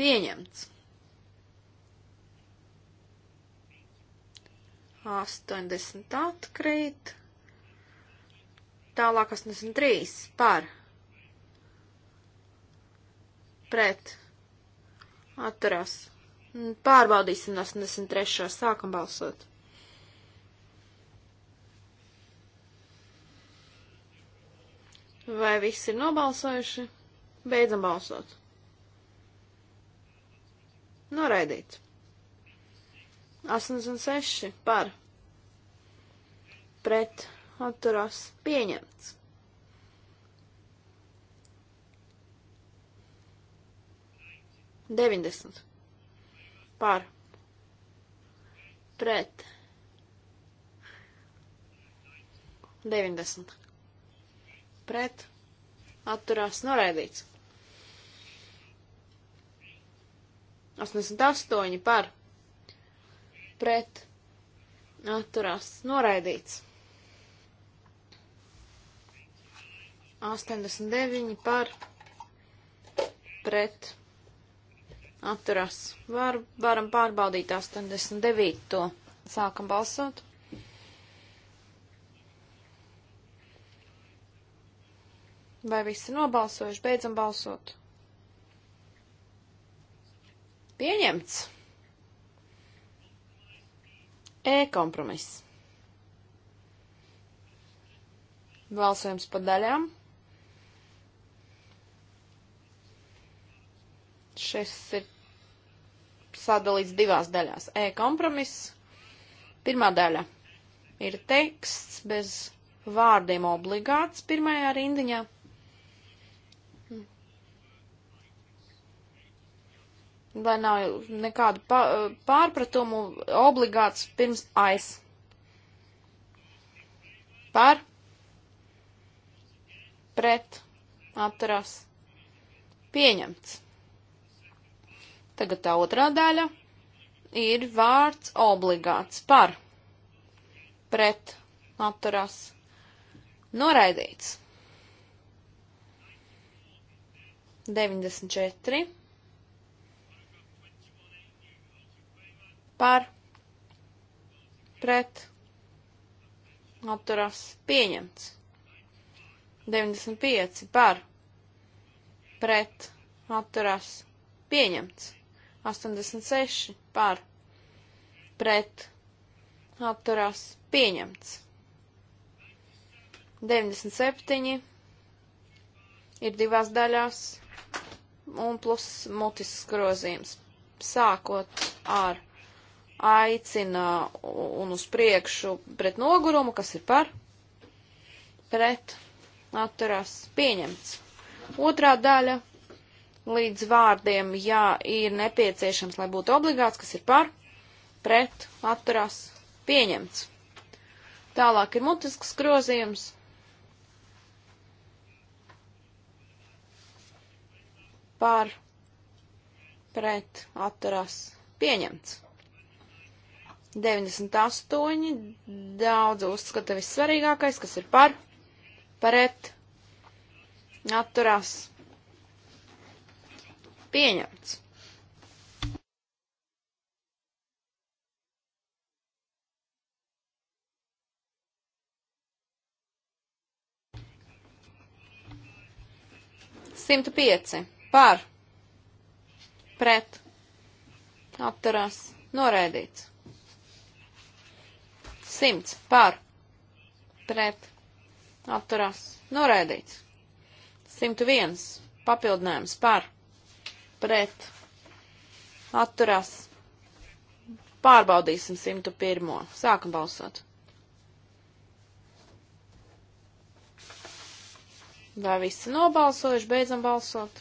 pieņemts. 80 atkrīt. Tālāk 83 par pret, atturās. Pārbaudīsim 83. sākam balsot. Vai viss ir nobalsojuši? Beidzam balsot. Noraidīt. 86 par. Pret atturās pieņemts. 90. Par. Pret. 90. Pret. Atturās noraidīts. 88 par. Pret. Atturās noraidīts. 89 par. Pret atturās. Var, varam pārbaudīt 89. To. Sākam balsot. Vai visi nobalsojuši? Beidzam balsot. Pieņemts. E kompromiss. Balsojums pa daļām. Šis ir sadalīts divās daļās. E kompromiss. Pirmā daļa ir teksts bez vārdiem obligāts pirmajā rindiņā. Lai nav nekādu pārpratumu, obligāts pirms aiz. Par, pret, atturās, pieņemts. Tagad tā otrā daļa ir vārds obligāts par, pret, atturās, noraidīts. 94 par, pret, atturās, pieņemts. 95 par, pret, atturās, pieņemts. 86 par pret atturās pieņemts. 97 ir divās daļās un plus mutisks grozījums. Sākot ar aicina un uz priekšu pret nogurumu, kas ir par, pret atturās pieņemts. Otrā daļa līdz vārdiem, ja ir nepieciešams, lai būtu obligāts, kas ir par, pret, atturās, pieņemts. Tālāk ir mutisks grozījums. Par, pret, atturās, pieņemts. 98, daudz uzskata vissvarīgākais, kas ir par, pret, atturās, pieņemts Pieņemts. Simt pieci par pret apturās noraidīts. Simts par pret apturās noraidīts. 101. Papildinājums par pret atturās. Pārbaudīsim 101. Sākam balsot. Vai visi nobalsojuši, beidzam balsot?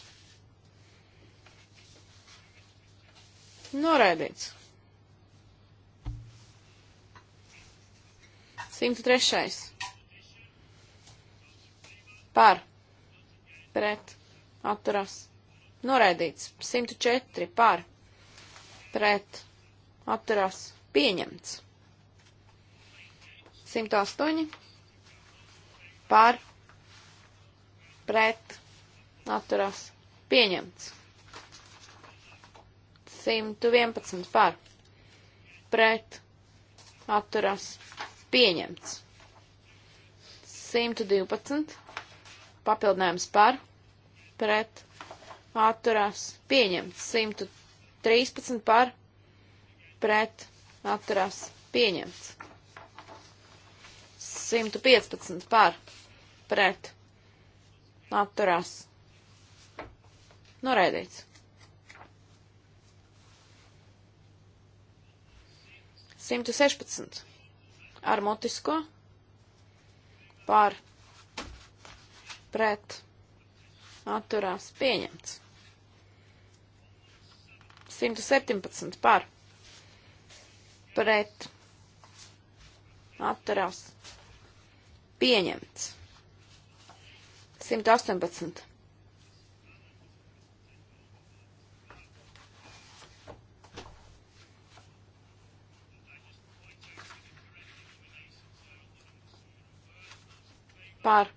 Noraidīts. 103. Par. Pret. Atturās noraidīts. 104 par, pret, atturās, pieņemts. 108 par, pret, atturās, pieņemts. 111 par, pret, atturās, pieņemts. 112 papildinājums par, pret, atturās pieņemts. 113 par pret atturās pieņemts. 115 par pret atturās noraidīts. 116 ar mutisko par pret atturās pieņemts. 117 par pret atturās pieņemts. 118. Par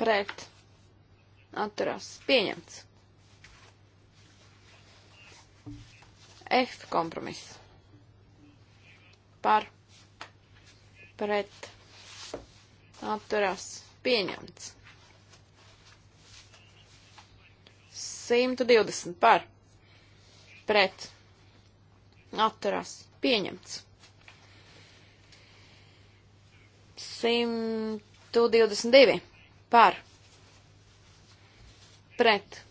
pret atturās pieņemts. F kompromiss. Par, pret, atturās, pieņemts. 120 par, pret, atturās, pieņemts. 122 par, pret,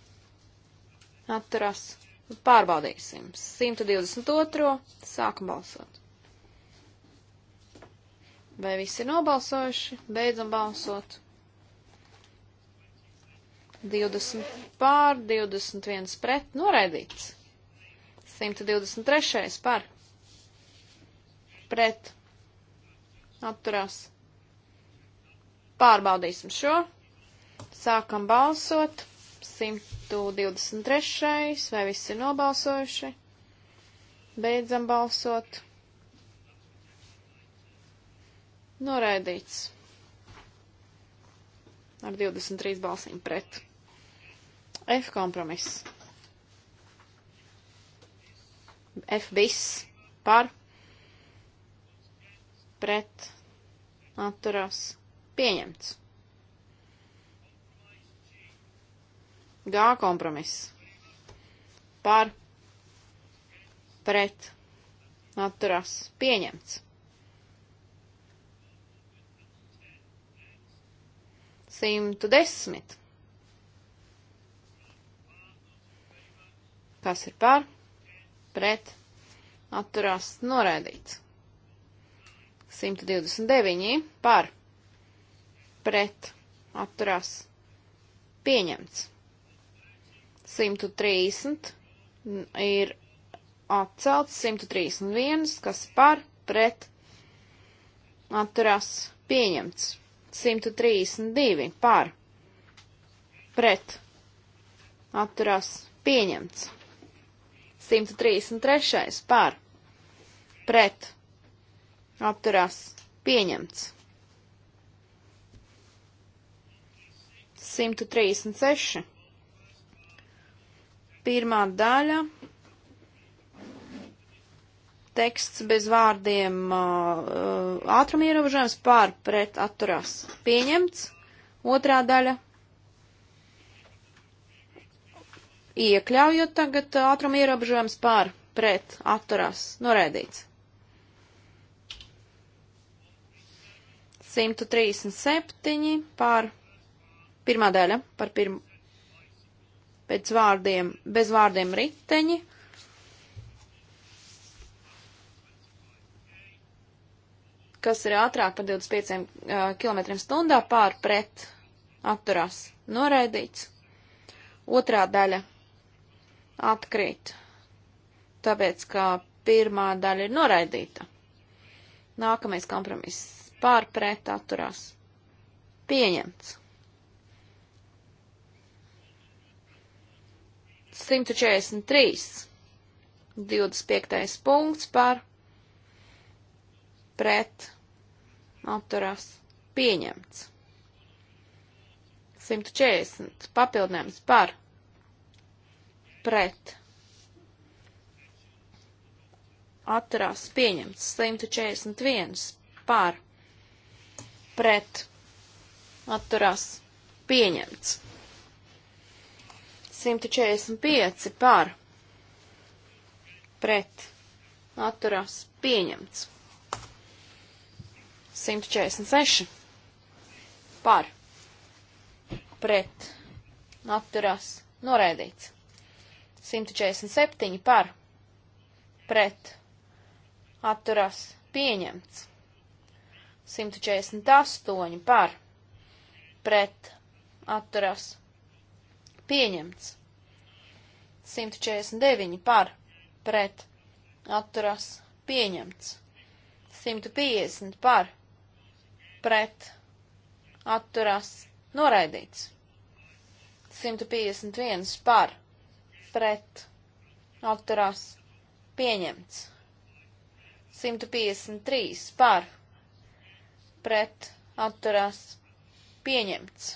atturās, pieņemts Pārbaudīsim. 122. Sākam balsot. Vai visi ir nobalsojuši? Beidzam balsot. 20 pār, 21 pret, noraidīts. 123 par, pret, atturās. Pārbaudīsim šo. Sākam balsot. 123. Vai visi ir nobalsojuši? Beidzam balsot. Noraidīts. Ar 23 balsīm pret. F kompromiss. F bis par pret atturās pieņemts. G kompromiss. Par. Pret. Atturās. Pieņemts. 110. Kas ir par, pret, atturās, noraidīts. 129. par, pret, atturās, pieņemts. 130 ir atcelts, 131, kas par pret atturās pieņemts, 132 par pret atturās pieņemts, 133 par pret atturās pieņemts. 136 Pirmā daļa. Teksts bez vārdiem uh, uh, ātruma ierobežojums pār pret atturās pieņemts. Otrā daļa. Iekļaujot tagad ātruma ierobežojums pār pret atturās norēdīts. 137 pār pirmā daļa, par pirm, pēc vārdiem, bez vārdiem riteņi. kas ir ātrāk par 25 km stundā pār pret atturās noraidīts. Otrā daļa atkrīt, tāpēc, ka pirmā daļa ir noraidīta. Nākamais kompromiss pār pret atturās. Pieņemts. 143. 25. punkts par pret atturās pieņemts. 140. Papildinājums par pret atturās pieņemts. 141. par pret atturās pieņemts. 145 par pret atturās pieņemts. 146 par pret atturās noraidīts. 147 par pret atturās pieņemts. 148 par pret atturās pieņemts pieņemts. 149 par, pret, atturas, pieņemts. 150 par, pret, atturas, noraidīts. 151 par, pret, atturās, pieņemts. 153 par, pret, atturās, pieņemts.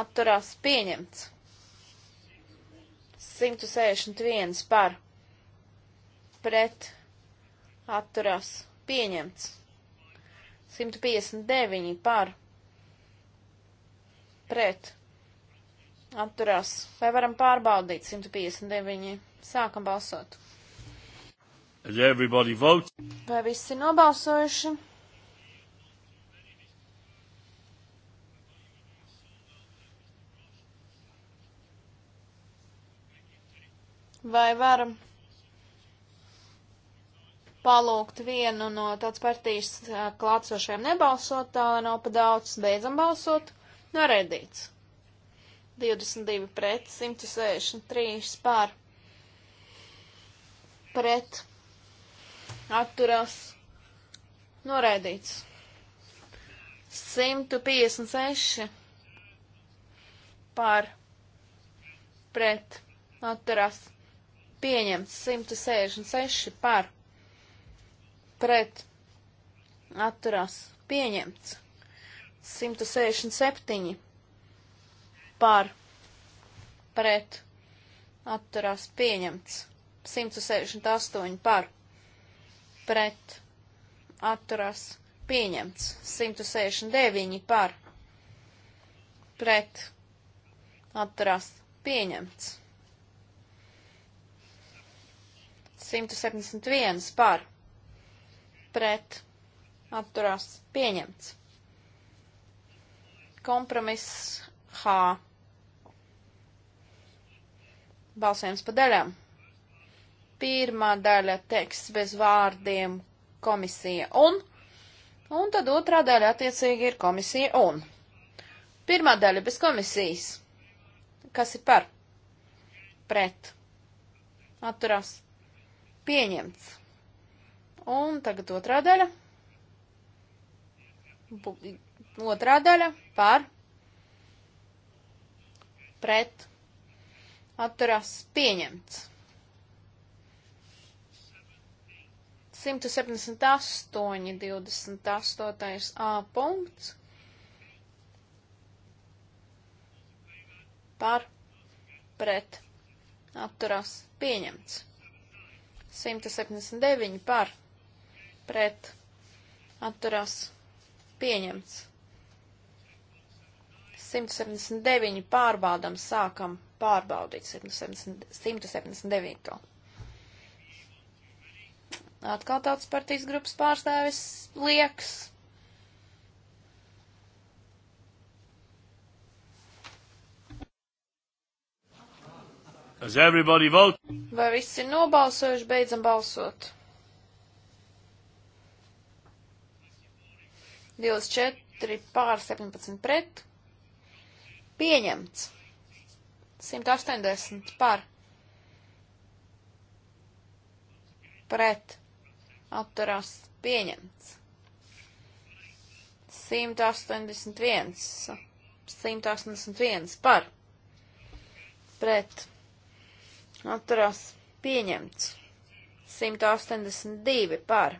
atturās pieņemts. 161 par pret atturās pieņemts. 159 par pret atturās. Vai varam pārbaudīt 159? Sākam balsot. Vai visi nobalsojuši? Vai varam palūgt vienu no tāds partijas klātsošiem nebalsot, tā lai nav pa daudz, beidzam balsot, noredīts. Nu, 22 pret, 163 pār, pret, atturās, noraidīts. 156 pār, pret, atturās, noraidīts pieņemts 166 par pret atturās pieņemts 167 par pret atturās pieņemts 168 par pret atturās pieņemts 169 par pret atturās pieņemts 171 par pret atturās pieņemts. Kompromiss H. Balsojums pa daļām. Pirmā daļa teksts bez vārdiem komisija un, un tad otrā daļa attiecīgi ir komisija un. Pirmā daļa bez komisijas. Kas ir par? Pret. Atturās Pieņemts. Un tagad otrā daļa. Bu otrā daļa par pret atturās pieņemts. 178, 28 A punkts par pret atturās pieņemts. 179 par pret atturās pieņemts. 179 pārbaudam, sākam pārbaudīt 179. Atkal tāds partijas grupas pārstāvis liekas Has everybody vote? Vai visi ir nobalsojuši, beidzam balsot? 24 pār 17 pret. Pieņemts. 180 par. Pret. Atturās. Pieņemts. 181. 181 par. Pret atturās pieņemts. 182 par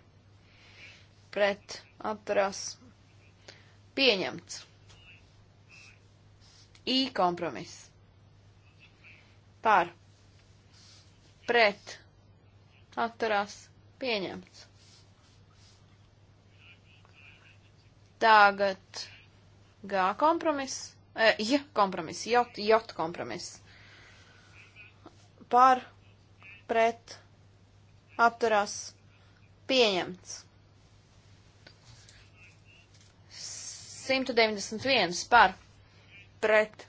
pret atturās pieņemts. I kompromiss par pret atturās pieņemts. Tagad G kompromiss, e, J kompromiss, J, J kompromiss par pret apturās pieņemts. 191 par pret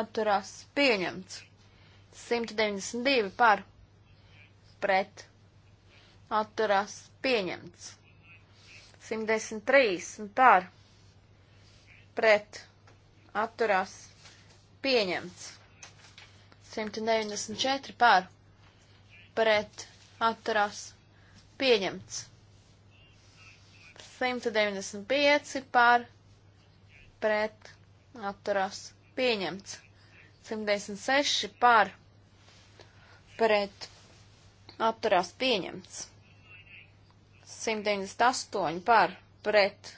atturās pieņemts. 192 par pret atturās pieņemts. 113 par pret atturās pieņemts. 194 par pret atturās pieņemts. 195 par pret atturās pieņemts. 196 par pret atturās pieņemts. 198 par pret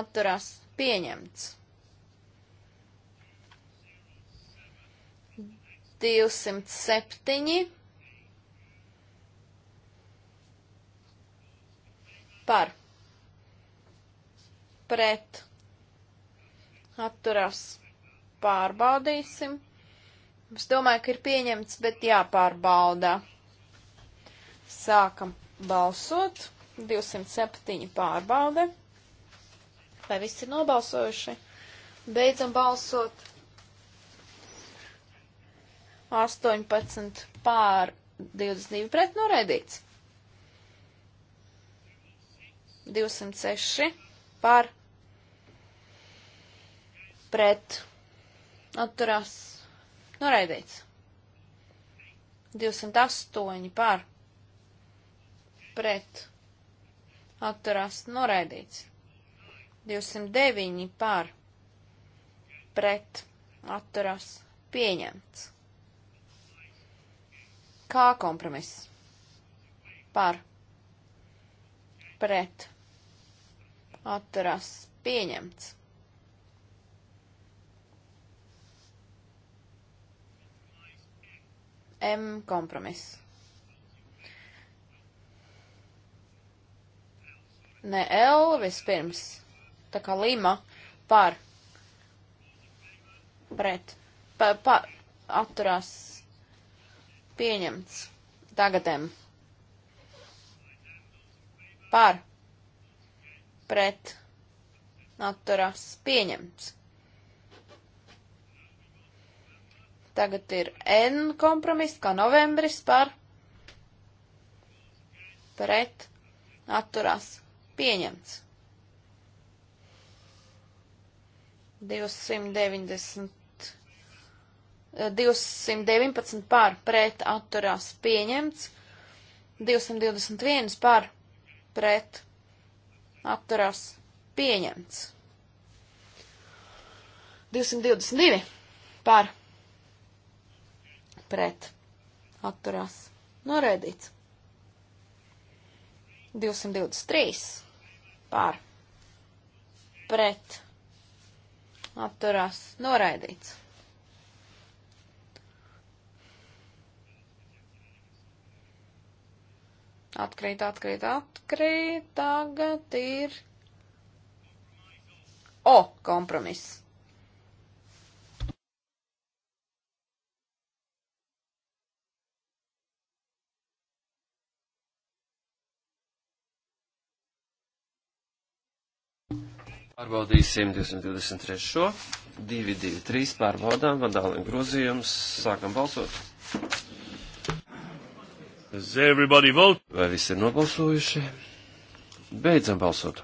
atturās pieņemts. 207 par pret atturās pārbaudīsim. Es domāju, ka ir pieņemts, bet jāpārbauda. Sākam balsot. 207 pārbaude. Vai visi ir nobalsojuši? Beidzam balsot. 18 pār 22 pret noraidīts. 206 pār pret atturās noraidīts. 208 pār pret atturās noraidīts. 209 pār pret atturās pieņemts. Kā kompromiss? Par. Pret. Atturās. Pieņemts. M kompromiss. Ne L vispirms. Tā kā lima par. Pret. Pa, pa, atturās Pieņemts. Tagad M. Par. Pret. Atturās. Pieņemts. Tagad ir N kompromiss, kā novembris par. Pret. Atturās. Pieņemts. 290 219 pār pret atturās pieņemts, 221 pār pret atturās pieņemts, 222 pār pret atturās noraidīts, 223 pār pret atturās noraidīts. Atkrīt, atkrīt, atkrīt. Tagad ir. O, kompromiss. Pārbaudīsim 223. 2, 2, 3 pārbaudām, vadālim grozījums, sākam balsot. Vai visi ir nobalsojuši? Beidzam balsot.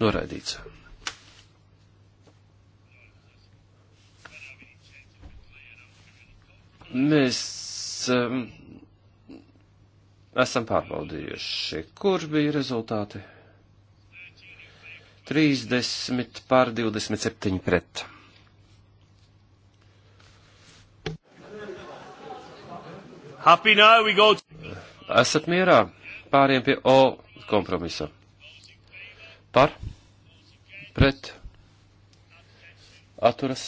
Noraidīts. Mēs um, esam pārbaudījuši, kur bija rezultāti. 30 pār 27 pret. Happy now we go. To... Esat mierā? Pāriem pie O kompromisa. Par, pret, atturas,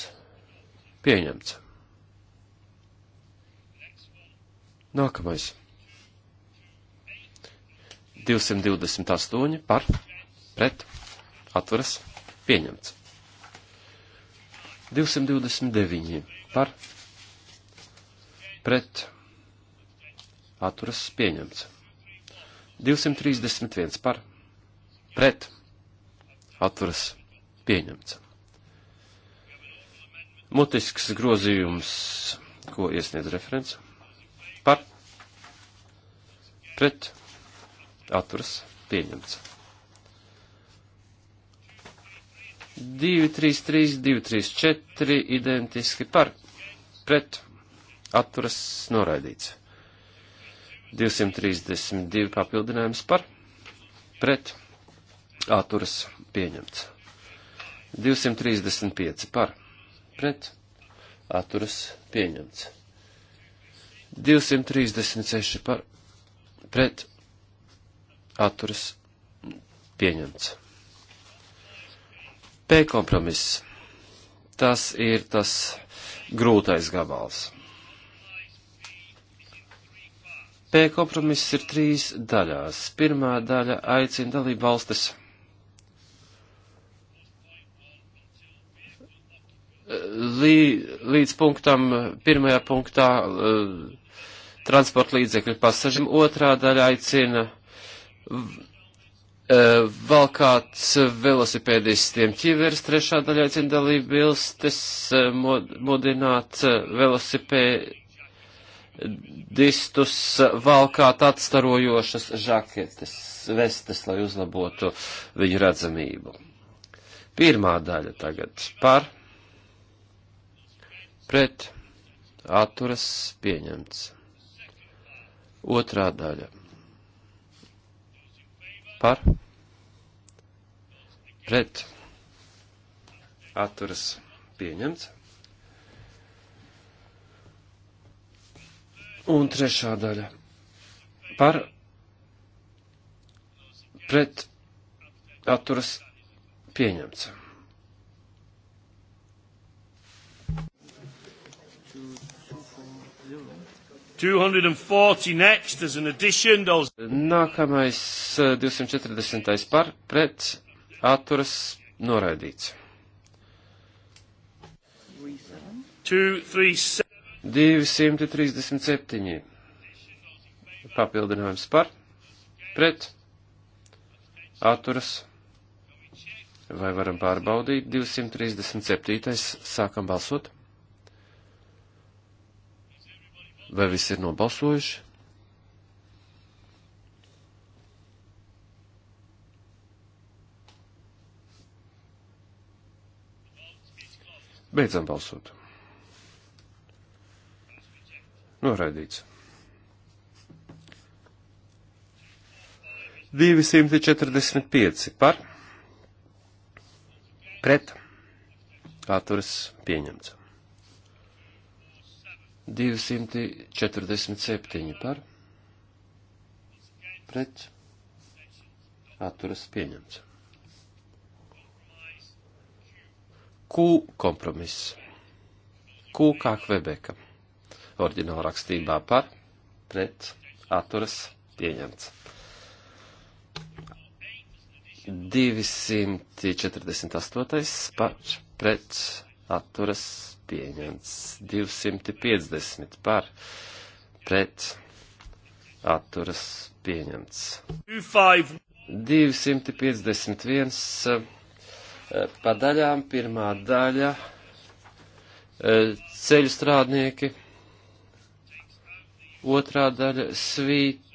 pieņemts. Nākamais. 228 par, pret, atturas, pieņemts. 229 par, pret, atturas atturas pieņemts. 231 par, pret, atturas pieņemts. Mutisks grozījums, ko iesniedz referents, par, pret, atturas pieņemts. 233, 234 identiski par, pret, atturas noraidīts. 232 papildinājums par pret atturas pieņemts. 235 par pret atturas pieņemts. 236 par pret atturas pieņemts. P kompromiss. Tas ir tas grūtais gabals. P kompromiss ir trīs daļās. Pirmā daļa aicina dalību valstis eh, līdz punktam, pirmajā punktā eh, transporta līdzekļu pasažiem, otrā daļa aicina eh, valkāt velosipēdistiem ķivers, trešā daļa aicina dalību bilstis, mod, modināt velosipēdistiem distus valkāt atstarojošas žaketes, vestes, lai uzlabotu viņu redzamību. Pirmā daļa tagad par, pret, atturas pieņemts. Otrā daļa par, pret, atturas pieņemts. Un trešā daļa par pret atturas pieņemts. Next, addition, those... Nākamais 240. Eh, par pret atturas noraidīts. 237. 237. Papildinājums par, pret, atturas, vai varam pārbaudīt, 237. sākam balsot. Vai visi ir nobalsojuši? Beidzam balsot. Noraidīts. 245 par pret atturas pieņemts. 247 par pret atturas pieņemts. Q kompromiss. Q kā Kvebeka oriģināla rakstībā par, pret, atturas, pieņemts. 248. par, pret, atturas, pieņemts. 250 par, pret, atturas, pieņemts. 251 eh, pa daļām. Pirmā daļa eh, ceļu strādnieki otrā daļa svīt,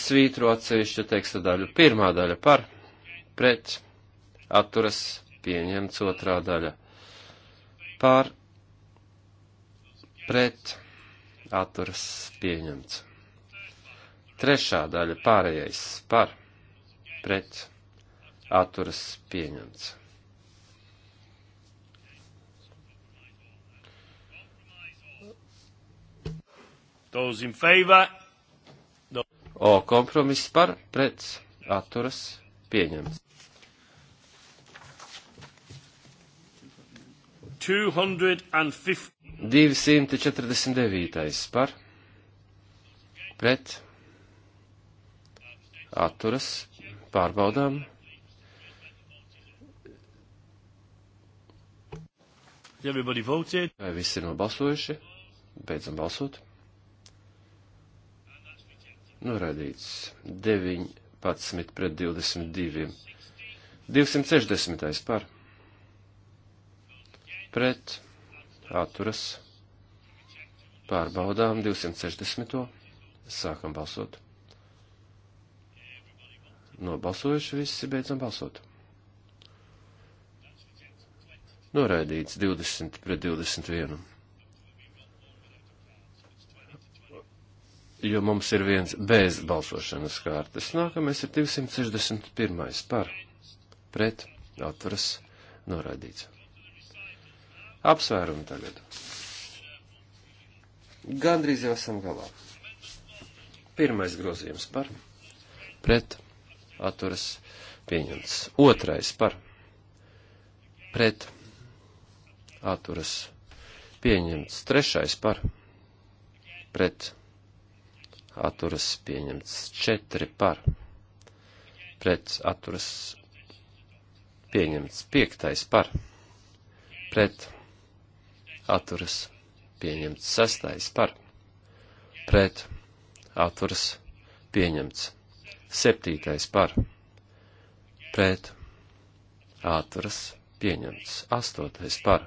svītro atsevišķu teksta daļu. Pirmā daļa par, pret, atturas, pieņemts otrā daļa. Par, pret, atturas, pieņemts. Trešā daļa pārējais par, pret, atturas, pieņemts. Those in favor. Those... O kompromiss par pret atturas pieņemts. 250. 249. par pret atturas pārbaudām. Vai visi ir nobalsojuši? Beidzam balsot. Noraidīts 19 pret 22. 260. par. Pret atturas. Pārbaudām 260. Sākam balsot. Nobalsojuši visi, beidzam balsot. Noraidīts 20 pret 21. jo mums ir viens bez balsošanas kārtas. Nākamais ir 261. par pret atturas noraidīts. Apsvērumu tagad. Gandrīz jau esam galā. Pirmais grozījums par pret atturas pieņemts. Otrais par pret atturas pieņemts. Trešais par pret atturas atturas pieņemts 4 par, pret atturas pieņemts 5 par, pret atturas pieņemts 6 par, pret atturas pieņemts 7 par, pret atturas pieņemts 8 par,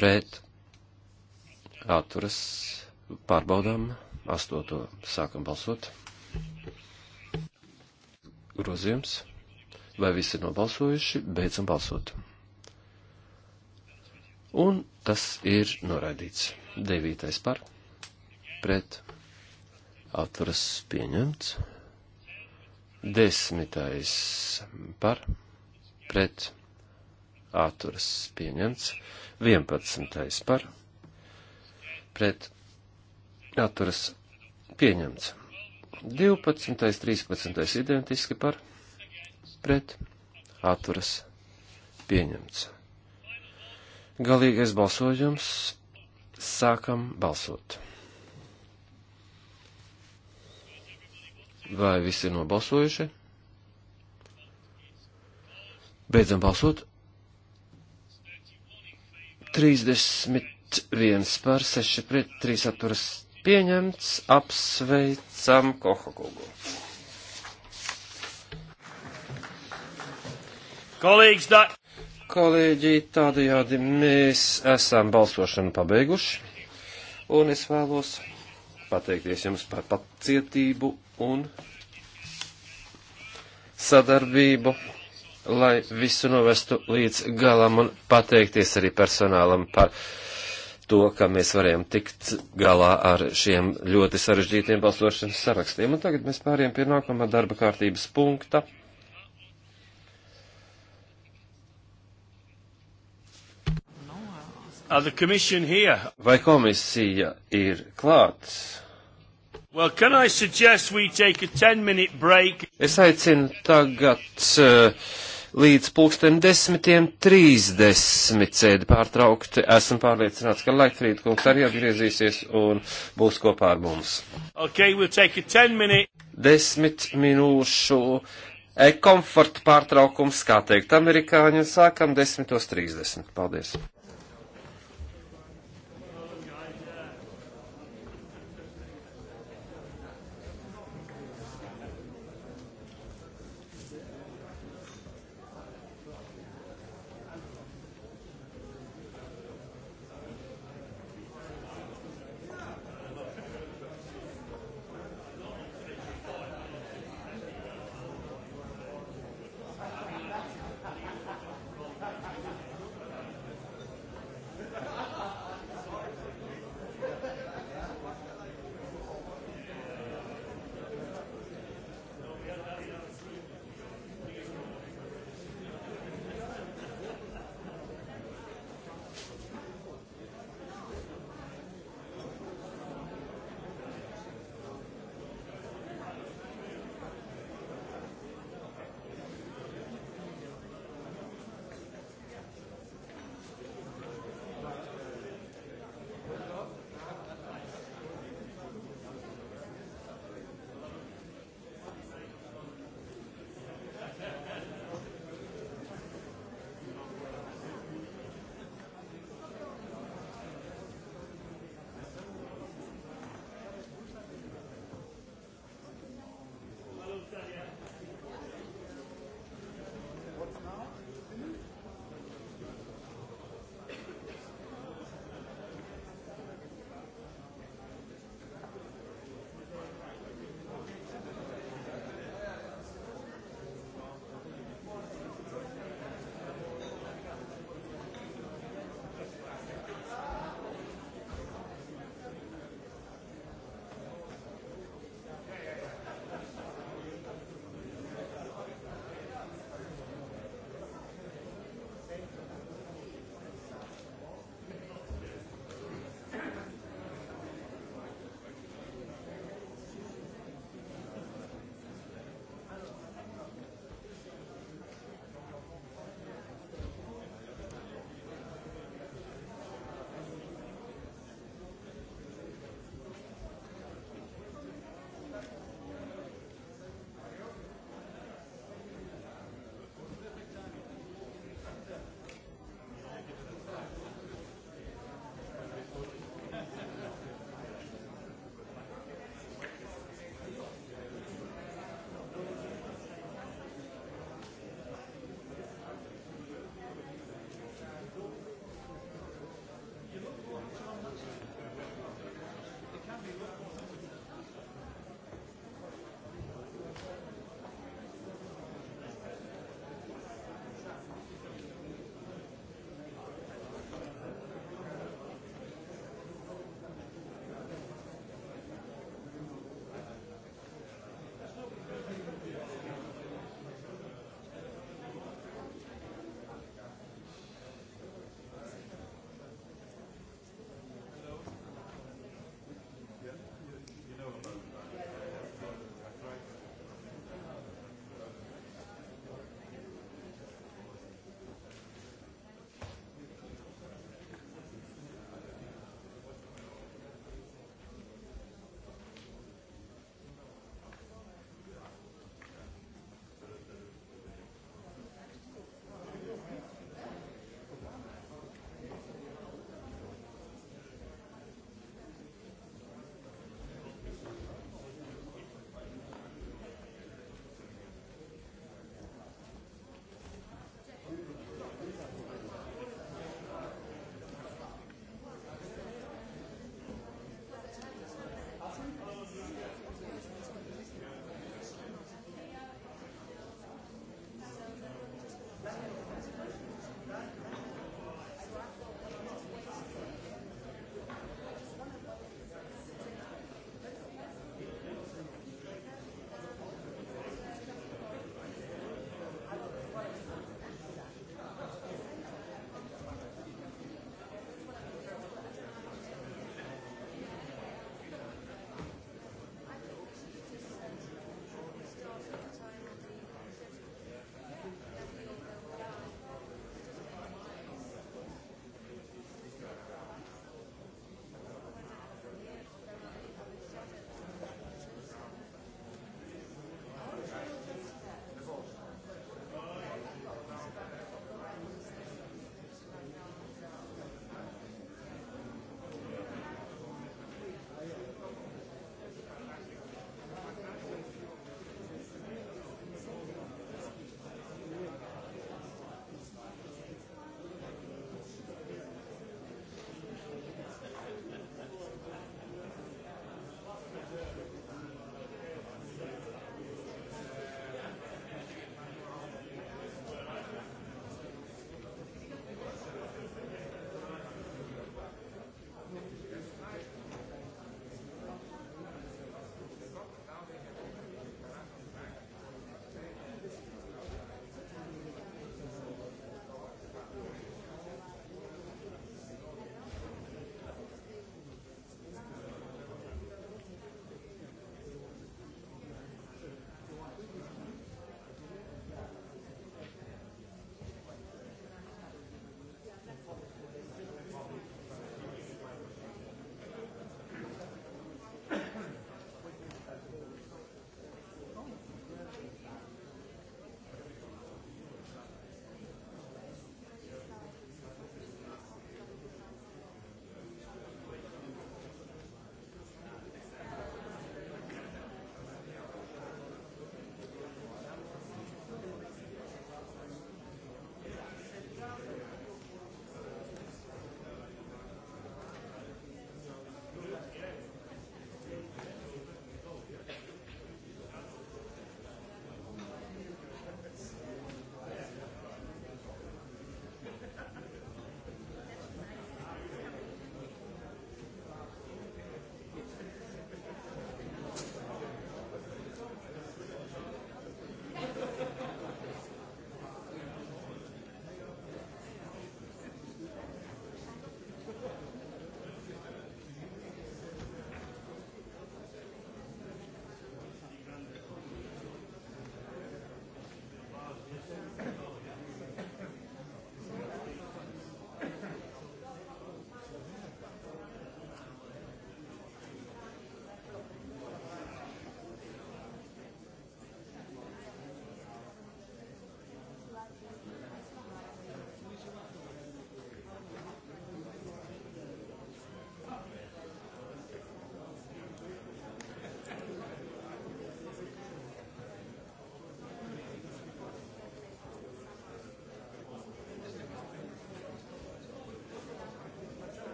pret atturas pārbaudām 8 astoto sākam balsot. Grozījums. Vai visi ir nobalsojuši? Beidzam balsot. Un tas ir noraidīts. Devītais par. Pret. Atturas pieņemts. Desmitais par. Pret. Atturas pieņemts. Vienpadsmitais par. Pret atturas pieņemts. 12. 13. identiski par pret atturas pieņemts. Galīgais balsojums. Sākam balsot. Vai visi ir nobalsojuši? Beidzam balsot. 31 par 6 pret 3 atturas pieņemts. Apsveicam Kohokungu. Kolēģis, da... Kolēģi, tādējādi mēs esam balsošanu pabeiguši, un es vēlos pateikties jums par pacietību un sadarbību, lai visu novestu līdz galam, un pateikties arī personālam par to, ka mēs varējām tikt galā ar šiem ļoti sarežģītiem balsošanas sarakstiem. Un tagad mēs pāriem pie nākamā darba kārtības punkta. Vai komisija ir klāts? Well, can I suggest we take a 10 minute break? Es aicinu tagad uh, līdz pulksten desmitiem trīsdesmit sēdi pārtraukti. Esmu pārliecināts, ka Laikfrīd kungs arī atgriezīsies un būs kopā ar mums. Okay, we'll Desmit minūšu e eh, komforta pārtraukums, kā teikt amerikāņi, un sākam 10.30. Paldies!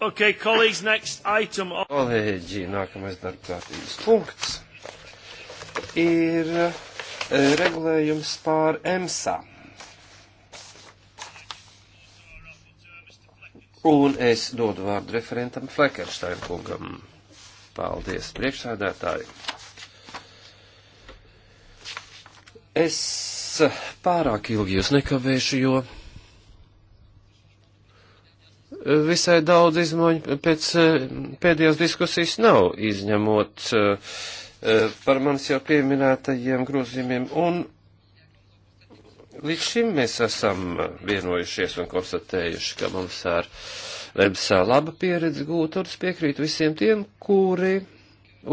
Okay, colleagues, next item. Kolēģi, nākamais darbkārtības punkts ir eh, regulējums pār EMSA. Un es dodu vārdu referentam Fleckenstein kungam. Paldies, priekšsēdētāji. Es eh, pārāk ilgi jūs nekavēšu, jo visai daudz izmaiņu pēc eh, pēdējās diskusijas nav, izņemot eh, eh, par manis jau pieminētajiem grozījumiem. Un līdz šim mēs esam vienojušies un konstatējuši, ka mums ar Lebsā laba pieredze gūta, un es piekrītu visiem tiem, kuri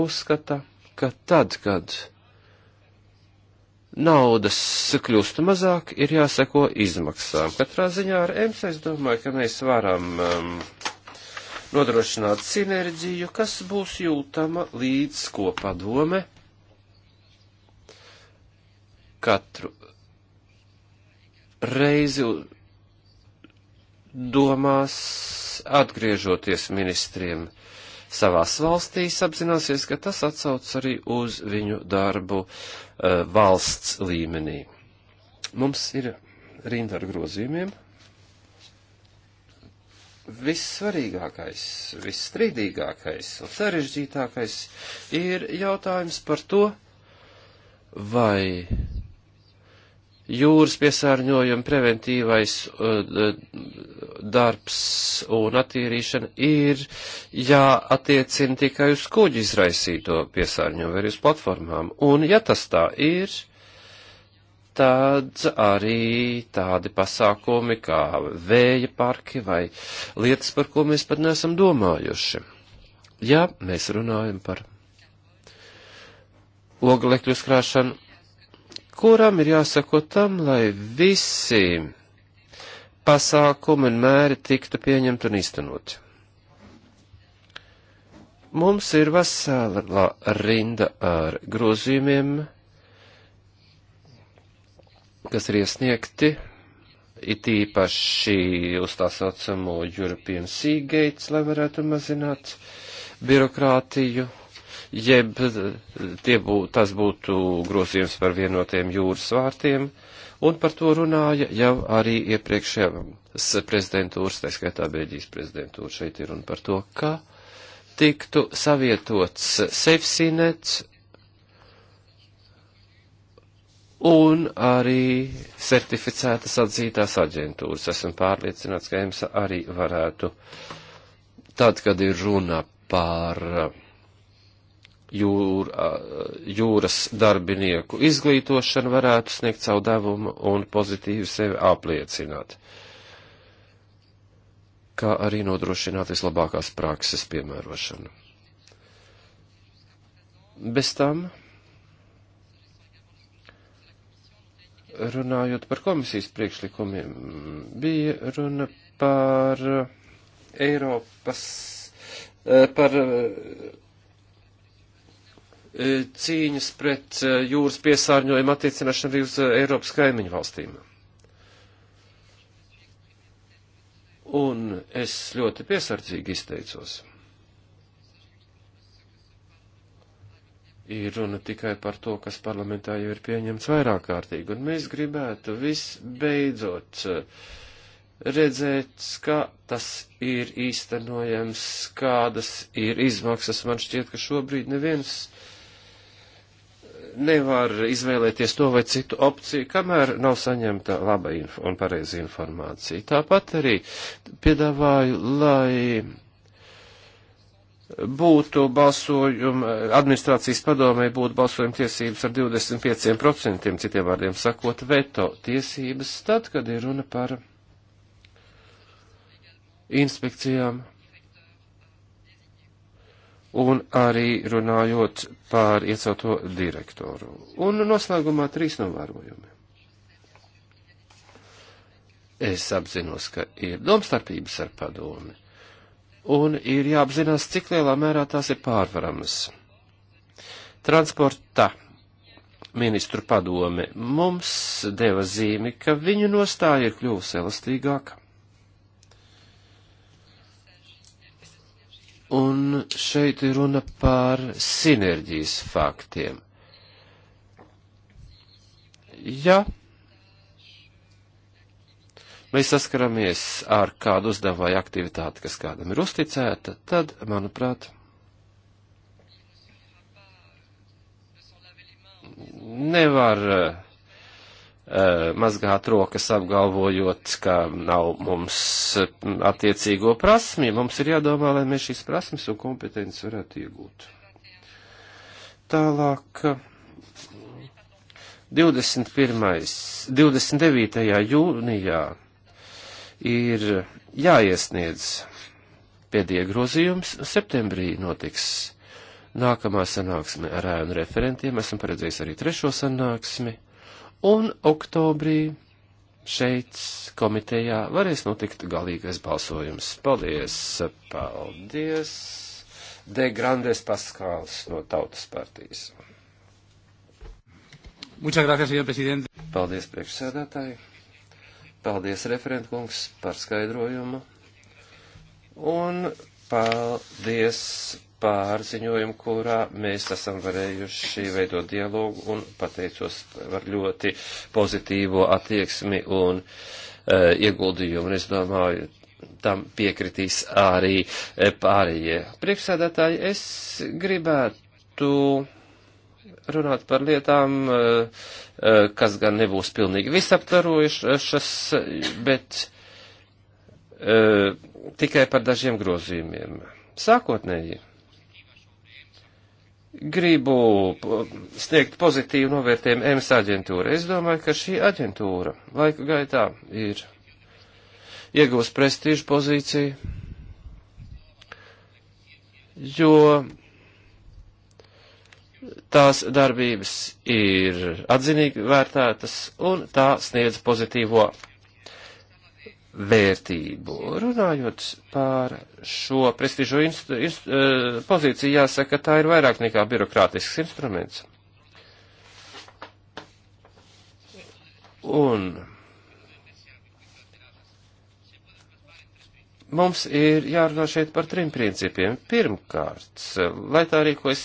uzskata, ka tad, kad naudas kļūst mazāk, ir jāseko izmaksām. Katrā ziņā ar EMS es domāju, ka mēs varam um, nodrošināt sinerģiju, kas būs jūtama līdz kopadome katru reizi domās atgriežoties ministriem savās valstīs, apzināsies, ka tas atsauc arī uz viņu darbu uh, valsts līmenī. Mums ir rinda ar grozījumiem. Vissvarīgākais, visstrīdīgākais un sarežģītākais ir jautājums par to, vai jūras piesārņojuma preventīvais uh, uh, darbs un attīrīšana ir jāattiecina tikai uz kuģi izraisīto piesārņojumu vai uz platformām. Un ja tas tā ir, tad arī tādi pasākumi kā vēja parki vai lietas, par ko mēs pat nesam domājuši. Ja mēs runājam par oglekļu skrāšanu, kuram ir jāsako tam, lai visi pasākumi un mēri tiktu pieņemti un iztenoti. Mums ir vesela rinda ar grozījumiem, kas ir iesniegti, it īpaši uz tā saucamo European Seagates, lai varētu mazināt birokrātiju jeb bū, tas būtu grozījums par vienotiem jūras vārtiem, un par to runāja jau arī iepriekšējās prezidentūras, tā skaitā Beļģijas prezidentūra šeit ir un par to, ka tiktu savietots sefsinets un arī certificētas atzītās aģentūras. Esmu pārliecināts, ka jums arī varētu, tad, kad ir runa par uh, jūr, jūras darbinieku izglītošana varētu sniegt savu devumu un pozitīvi sevi apliecināt, kā arī nodrošināt vislabākās prakses piemērošanu. Bez tam, runājot par komisijas priekšlikumiem, bija runa par Eiropas, eh, par E, cīņas pret e, jūras piesārņojumu attiecināšanu arī uz e, Eiropas kaimiņu valstīm. Un es ļoti piesardzīgi izteicos. Ir runa tikai par to, kas parlamentā jau ir pieņemts vairāk kārtīgi, un mēs gribētu visbeidzot redzēt, kā tas ir īstenojams, kādas ir izmaksas. Man šķiet, ka šobrīd neviens uh, nevar izvēlēties to vai citu opciju, kamēr nav saņemta laba info un pareiza informācija. Tāpat arī piedāvāju, lai būtu balsojuma, administrācijas padomē būtu balsojuma tiesības ar 25%, citiem vārdiem sakot, veto tiesības, tad, kad ir runa par inspekcijām un arī runājot par iecelto direktoru. Un noslēgumā trīs novērojumi. Es apzinos, ka ir domstarpības ar padomi, un ir jāapzinās, cik lielā mērā tās ir pārvaramas. Transporta ministru padome mums deva zīmi, ka viņu nostāja ir kļuvusi elastīgāka. Un šeit ir runa par sinerģijas faktiem. Ja mēs saskaramies ar kādu uzdevumu vai aktivitāti, kas kādam ir uzticēta, tad, manuprāt, nevar Eh, mazgāt rokas apgalvojot, ka nav mums attiecīgo prasmi, mums ir jādomā, lai mēs šīs prasmes un kompetences varētu iegūt. Tālāk. 21. 29. jūnijā ir jāiesniedz pēdējie grozījums, septembrī notiks nākamā sanāksme ar ēnu referentiem, esam paredzējis arī trešo sanāksmi un oktobrī šeit komitejā varēs notikt galīgais balsojums. Paldies, paldies, De Grandes Paskāls no Tautas partijas. Muchas gracias, señor presidente. Paldies, priekšsēdētāji. Paldies, referentkungs, par skaidrojumu. Un paldies pārziņojumu, kurā mēs esam varējuši veidot dialogu un pateicos par ļoti pozitīvo attieksmi un uh, ieguldījumu. Un es domāju, tam piekritīs arī eh, pārējie. Priekšsēdētāji, es gribētu runāt par lietām, eh, kas gan nebūs pilnīgi visaptvarojušas, bet tikai par dažiem grozījumiem. Sākotnēji gribu eh, sniegt pozitīvu novērtējumu EMS aģentūra. Es domāju, ka šī aģentūra laika gaitā ir iegūst prestīžu pozīciju, jo tās darbības ir atzinīgi vērtētas un tā sniedz pozitīvo vērtību. Runājot par šo prestižo inst, inst, eh, pozīciju, jāsaka, tā ir vairāk nekā birokrātisks instruments. Un mums ir jārunā šeit par trim principiem. Pirmkārt, lai tā rīkojas,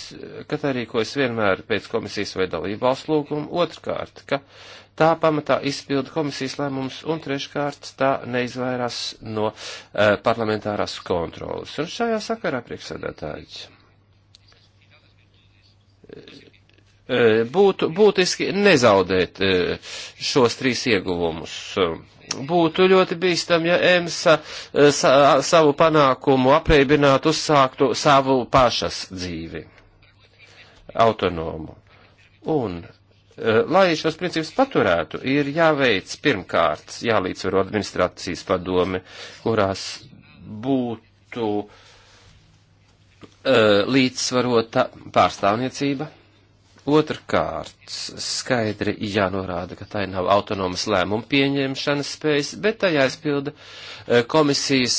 ka tā rīkojas vienmēr pēc komisijas vai dalībvalsts lūguma. Otrkārt, ka uh, tā pamatā izpilda komisijas lēmums, un treškārt tā neizvairās no e, parlamentārās kontrolas. Un šajā sakarā priekšsēdētājs. Eh, būtu būtiski nezaudēt eh, šos trīs ieguvumus būtu ļoti bīstam, ja EMSA sa, savu panākumu apreibinātu, uzsāktu savu pašas dzīvi autonomu. Un Eh, lai šos principus paturētu, ir jāveic pirmkārt jālīdzvaro administrācijas padomi, kurās būtu uh, līdzsvarota pārstāvniecība. Otrkārt, skaidri jānorāda, ka tai nav autonomas lēmuma pieņemšanas spējas, bet tai jāizpilda eh, komisijas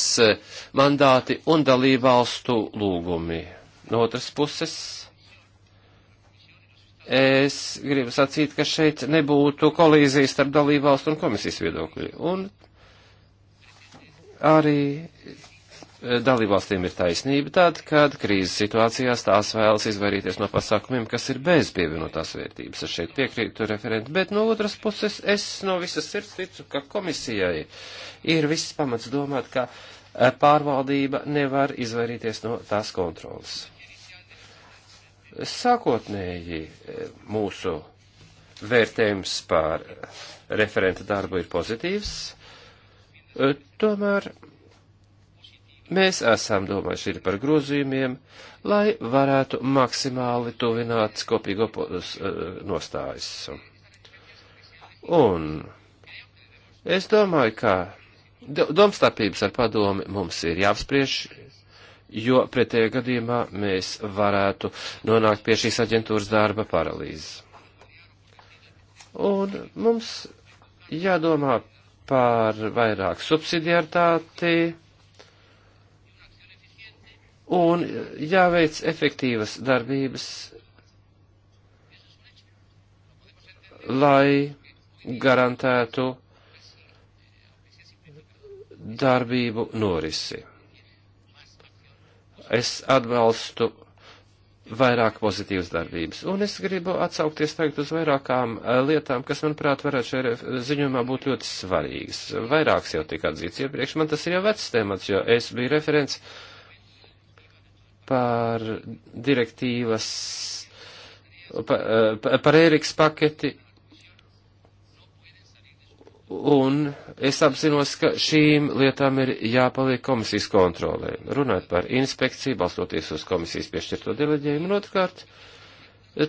mandāti un dalībvalstu lūgumi. No otras puses, Es gribu sacīt, ka šeit nebūtu kolīzijas starp dalībvalstu un komisijas viedokļi. Un arī eh, dalībvalstīm ir taisnība tāda, ka krīzes situācijās tās vēlas izvairīties no pasākumiem, kas ir bez pievienotās vērtības. Es šeit piekrītu referentu, bet no otras puses es no visas sirds ticu, ka komisijai ir viss pamats domāt, ka eh, pārvaldība nevar izvairīties no tās kontrolas. Sākotnēji e, mūsu vērtējums par referenta darbu ir pozitīvs, e, tomēr mēs esam domājuši par grozījumiem, lai varētu maksimāli tuvināt kopīgo e, nostājas. Un es domāju, ka domstarpības ar padomi mums ir jāapspriež jo pretējā gadījumā mēs varētu nonākt pie šīs aģentūras darba paralīzes. Un mums jādomā par vairāk subsidiartāti un jāveic efektīvas darbības, lai garantētu darbību norisi es atbalstu vairāk pozitīvas darbības. Un es gribu atsaukties tagad uz vairākām eh, lietām, kas, manuprāt, varētu šajā ziņojumā būt ļoti svarīgas. Vairākas jau tika atzīts iepriekš, man tas ir jau vecs temats, jo es biju referents par direktīvas, par, eh, par Ēriks paketi Un es apzinos, ka šīm lietām ir jāpaliek komisijas kontrolē. Runājot par inspekciju, balstoties uz komisijas piešķirto deleģējumu, un otrkārt,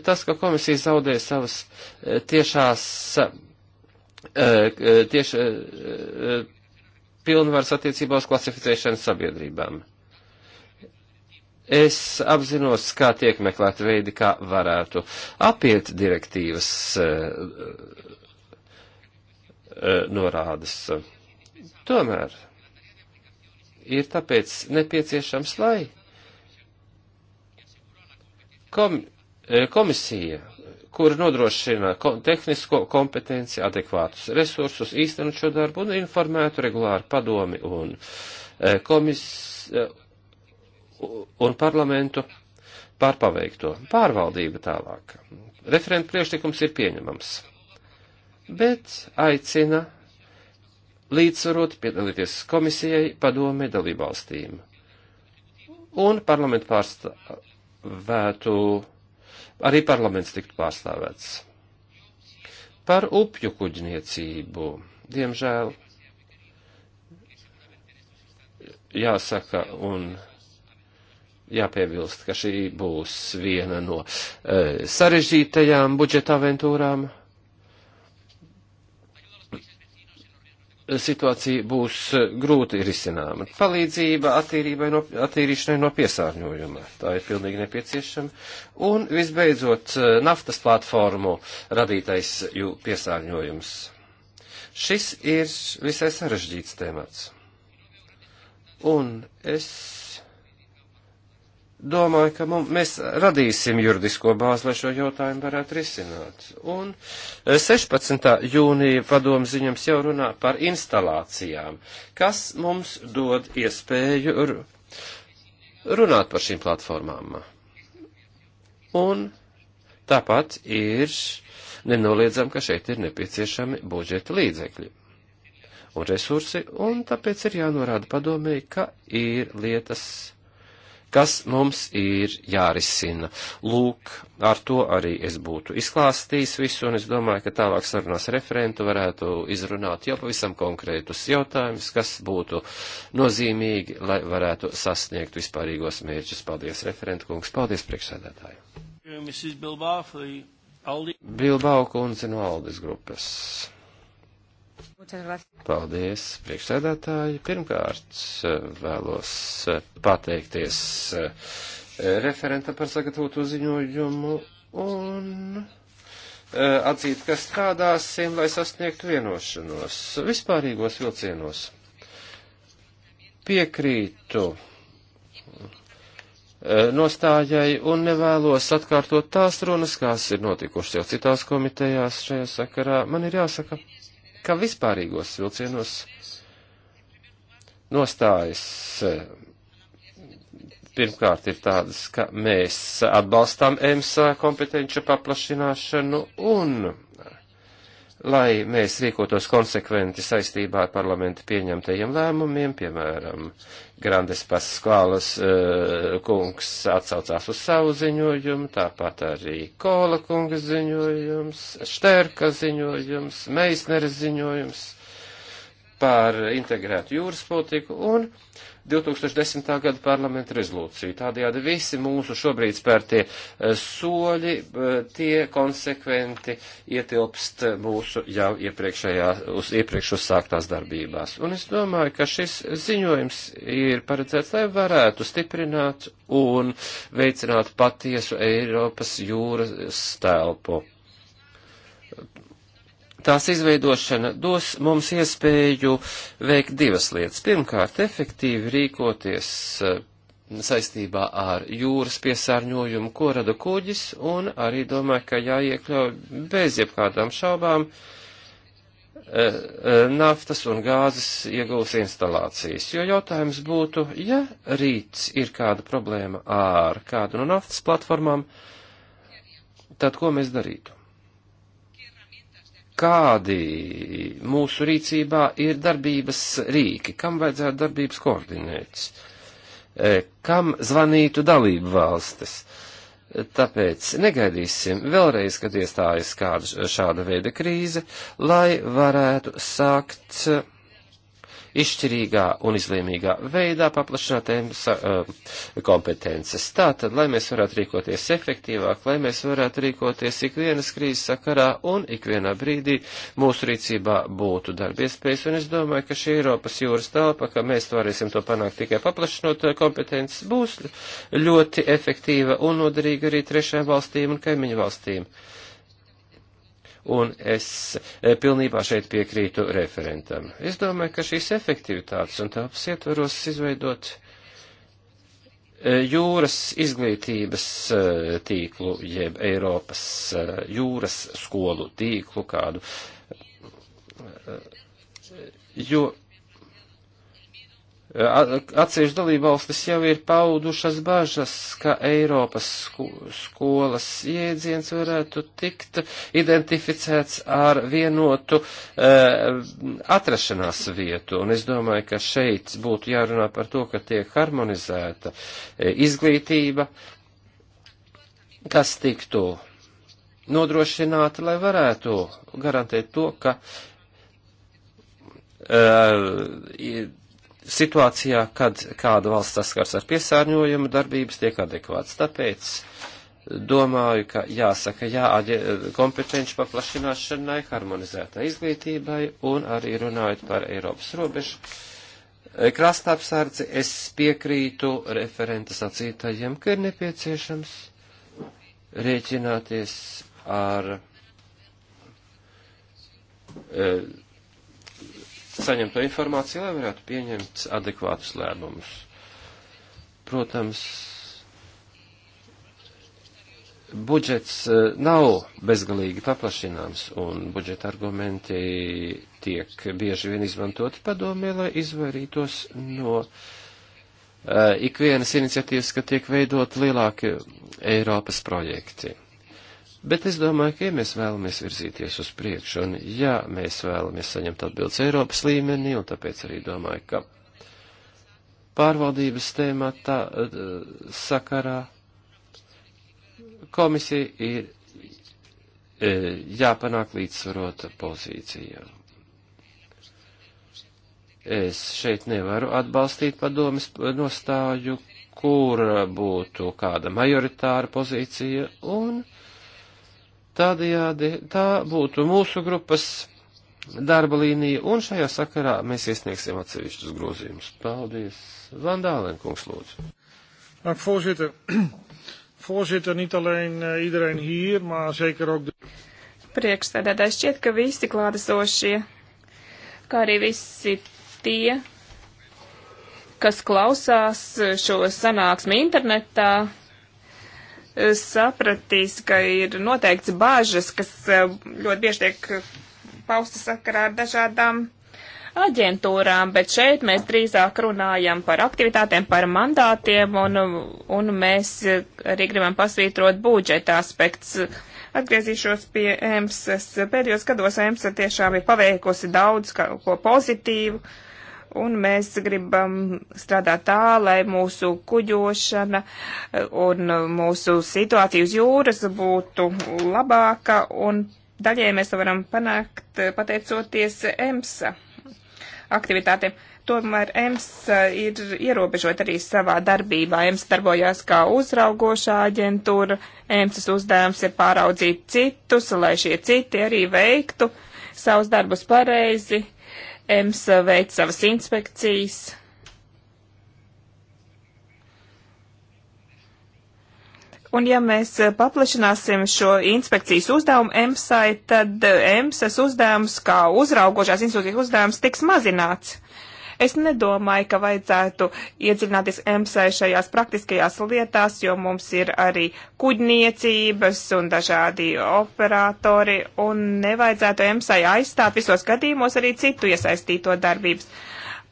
tas, ka komisija zaudē savas eh, tiešās, eh, tieši eh, pilnvaras attiecībā uz klasificēšanas sabiedrībām. Es apzinos, kā tiek meklēt veidi, kā varētu apiet direktīvas E, norādes. Tomēr ir tāpēc nepieciešams, lai kom, e, komisija, kura nodrošina tehnisko kompetenci, adekvātus resursus, īstenot šo darbu un informētu regulāri padomi un e, komis un parlamentu pārpaveikto. Pārvaldība tālāk. Referenta priekšlikums ir pieņemams bet aicina līdzsvarot piedalīties komisijai, padomē, dalībvalstīm un parlamentu pārstāvētu, arī parlaments tiktu pārstāvēts. Par upju kuģniecību, diemžēl, jāsaka un jāpiebilst, ka šī būs viena no e, sarežģītajām budžeta aventūrām. situācija būs e, grūti risināma. Palīdzība attīrībai no, attīrīšanai no piesārņojuma. Tā ir pilnīgi nepieciešama. Un visbeidzot, e, naftas platformu radītais jū piesārņojums. Šis ir visai sarežģīts temats. Un es domāju, ka mums, mēs radīsim juridisko bāzi, lai šo jautājumu varētu risināt. Un 16. Eh, jūnija padomu ziņams jau runā par instalācijām, kas mums dod iespēju runāt par šīm platformām. Un tāpat ir nenoliedzam, ka šeit ir nepieciešami budžeta līdzekļi un resursi, un tāpēc ir jānorāda padomēji, ka ir lietas kas mums ir jārisina. Lūk, ar to arī es būtu izklāstījis visu, un es domāju, ka tālāk sarunās referentu varētu izrunāt jau pavisam konkrētus jautājumus, kas būtu nozīmīgi, lai varētu sasniegt vispārīgos mērķus. Paldies, referentu kungs, paldies priekšsēdētāju. Bilbao kundze no Aldes grupas. Paldies, priekšsēdētāji. Pirmkārt, vēlos pateikties eh, referenta par sagatavotu ziņojumu un eh, atzīt, ka strādāsim, lai sasniegtu vienošanos vispārīgos vilcienos. Piekrītu eh, nostājai un nevēlos atkārtot tās runas, kas ir notikušas jau citās komitejās šajā sakarā. Man ir jāsaka, ka vispārīgos vilcienos nostājas e, pirmkārt ir tādas, ka mēs atbalstām EMSA kompetenču paplašināšanu un lai mēs rīkotos konsekventi saistībā ar parlamentu pieņemtajiem lēmumiem, piemēram, Grandes Paskālas uh, eh, kungs atsaucās uz savu ziņojumu, tāpat arī Kola kunga ziņojums, Šterka ziņojums, Meisnera ziņojums par integrētu jūras politiku un uh, 2010. gada parlamenta rezolūciju. Tādējādi visi mūsu šobrīd spērtie e, soļi, e, tie konsekventi ietilpst mūsu jau iepriekšējā, uz iepriekš uzsāktās darbībās. Un es domāju, ka šis ziņojums ir paredzēts, lai varētu stiprināt un veicināt patiesu Eiropas jūras telpu tās izveidošana dos mums iespēju veikt divas lietas. Pirmkārt, efektīvi rīkoties eh, saistībā ar jūras piesārņojumu, ko rada kuģis, un arī domāju, ka jāiekļauj bez jebkādām šaubām eh, eh, naftas un gāzes iegūs instalācijas, jo jautājums būtu, ja rīts ir kāda problēma ar kādu no naftas platformām, tad ko mēs darītu? kādi mūsu rīcībā ir darbības rīki, kam vajadzētu darbības koordinētas, e, kam zvanītu dalību valstis. E, tāpēc negaidīsim vēlreiz, kad iestājas kāda šāda veida krīze, lai varētu sākt izšķirīgā un izlēmīgā veidā paplašināt EMSA eh, kompetences. Tātad, lai mēs varētu rīkoties efektīvāk, lai mēs varētu rīkoties ikvienas krīzes sakarā un ikvienā brīdī mūsu rīcībā būtu darba iespējas, un es domāju, ka šī Eiropas jūras telpa, ka mēs varēsim to panākt tikai paplašinot eh, kompetences, būs ļoti efektīva un noderīga arī trešajām valstīm un kaimiņu valstīm un es e, pilnībā šeit piekrītu referentam. Es domāju, ka šīs efektivitātes un telpas ietvaros izveidot e, jūras izglītības e, tīklu, jeb Eiropas jūras skolu tīklu kādu, jo Atsevišķi dalībvalstis jau ir paudušas bažas, ka Eiropas skolas jēdziens varētu tikt identificēts ar vienotu uh, atrašanās vietu. Un es domāju, ka šeit būtu jārunā par to, ka tiek harmonizēta e, izglītība, kas tiktu nodrošināta, lai varētu garantēt to, ka uh, situācijā, kad kāda valsts saskars ar piesārņojumu darbības, tiek adekvāts. Tāpēc domāju, ka jāsaka jā kompetenci paplašināšanai, harmonizētai izglītībai un arī runājot par Eiropas robežu. E, krasta apsardzi es piekrītu referenta sacītajiem, ka ir nepieciešams rēķināties ar. E, saņemto informāciju, lai varētu pieņemt adekvātus lēmumus. Protams, budžets eh, nav bezgalīgi paplašināms, un budžeta argumenti tiek bieži vien izmantoti padomē, lai izvairītos no uh, ikvienas iniciatīvas, ka tiek veidot lielāki Eiropas projekti. Bet es domāju, ka, ja mēs vēlamies virzīties uz priekšu, un ja mēs vēlamies saņemt atbildes Eiropas līmenī, un tāpēc arī domāju, ka pārvaldības tēmatā eh, sakarā komisija ir eh, jāpanāk līdzsvarota pozīcija. Es šeit nevaru atbalstīt padomis nostāju, kur būtu kāda majoritāra pozīcija, un Tādējādi tā būtu mūsu grupas darba līnija, un šajā sakarā mēs iesniegsim atsevišķus grozījumus. Paldies. Vandālēn, kungs, lūdzu. Dank, voorzitter. voorzitter, niet alleen eh, iedereen hier, maar zeker ook de... Priekšstādātājs šķiet, ka visi klātesošie, kā arī visi tie, kas klausās šo sanāksmi internetā, sapratīs, ka ir noteikts bāžas, kas eh, ļoti bieži tiek paustas sakarā ar dažādām aģentūrām, bet šeit mēs drīzāk runājam par aktivitātēm, par mandātiem, un, un mēs arī gribam pasvītrot budžeta aspekts. Atgriezīšos pie EMSAS. Pēdējos gados EMSA tiešām ir paveikusi daudz ko pozitīvu. Uh, un mēs gribam strādāt tā, lai mūsu kuģošana un mūsu situācija uz jūras būtu labāka, un daļēji mēs to varam panākt pateicoties EMSA aktivitātēm. Tomēr EMSA ir ierobežot arī savā darbībā. EMSA darbojās kā uzraugošā aģentūra. EMSAs uzdevums ir pāraudzīt citus, lai šie citi arī veiktu savus darbus pareizi EMS veic savas inspekcijas. Un ja mēs paplašināsim šo inspekcijas uzdevumu EMSai, tad EMSas uzdevums, kā uzraugošās institūcijas uzdevums, tiks mazināts. Es nedomāju, ka vajadzētu iedziļināties MSA šajās praktiskajās lietās, jo mums ir arī kuģniecības un dažādi operatori, un nevajadzētu MSA aizstāt visos gadījumos arī citu iesaistīto darbības.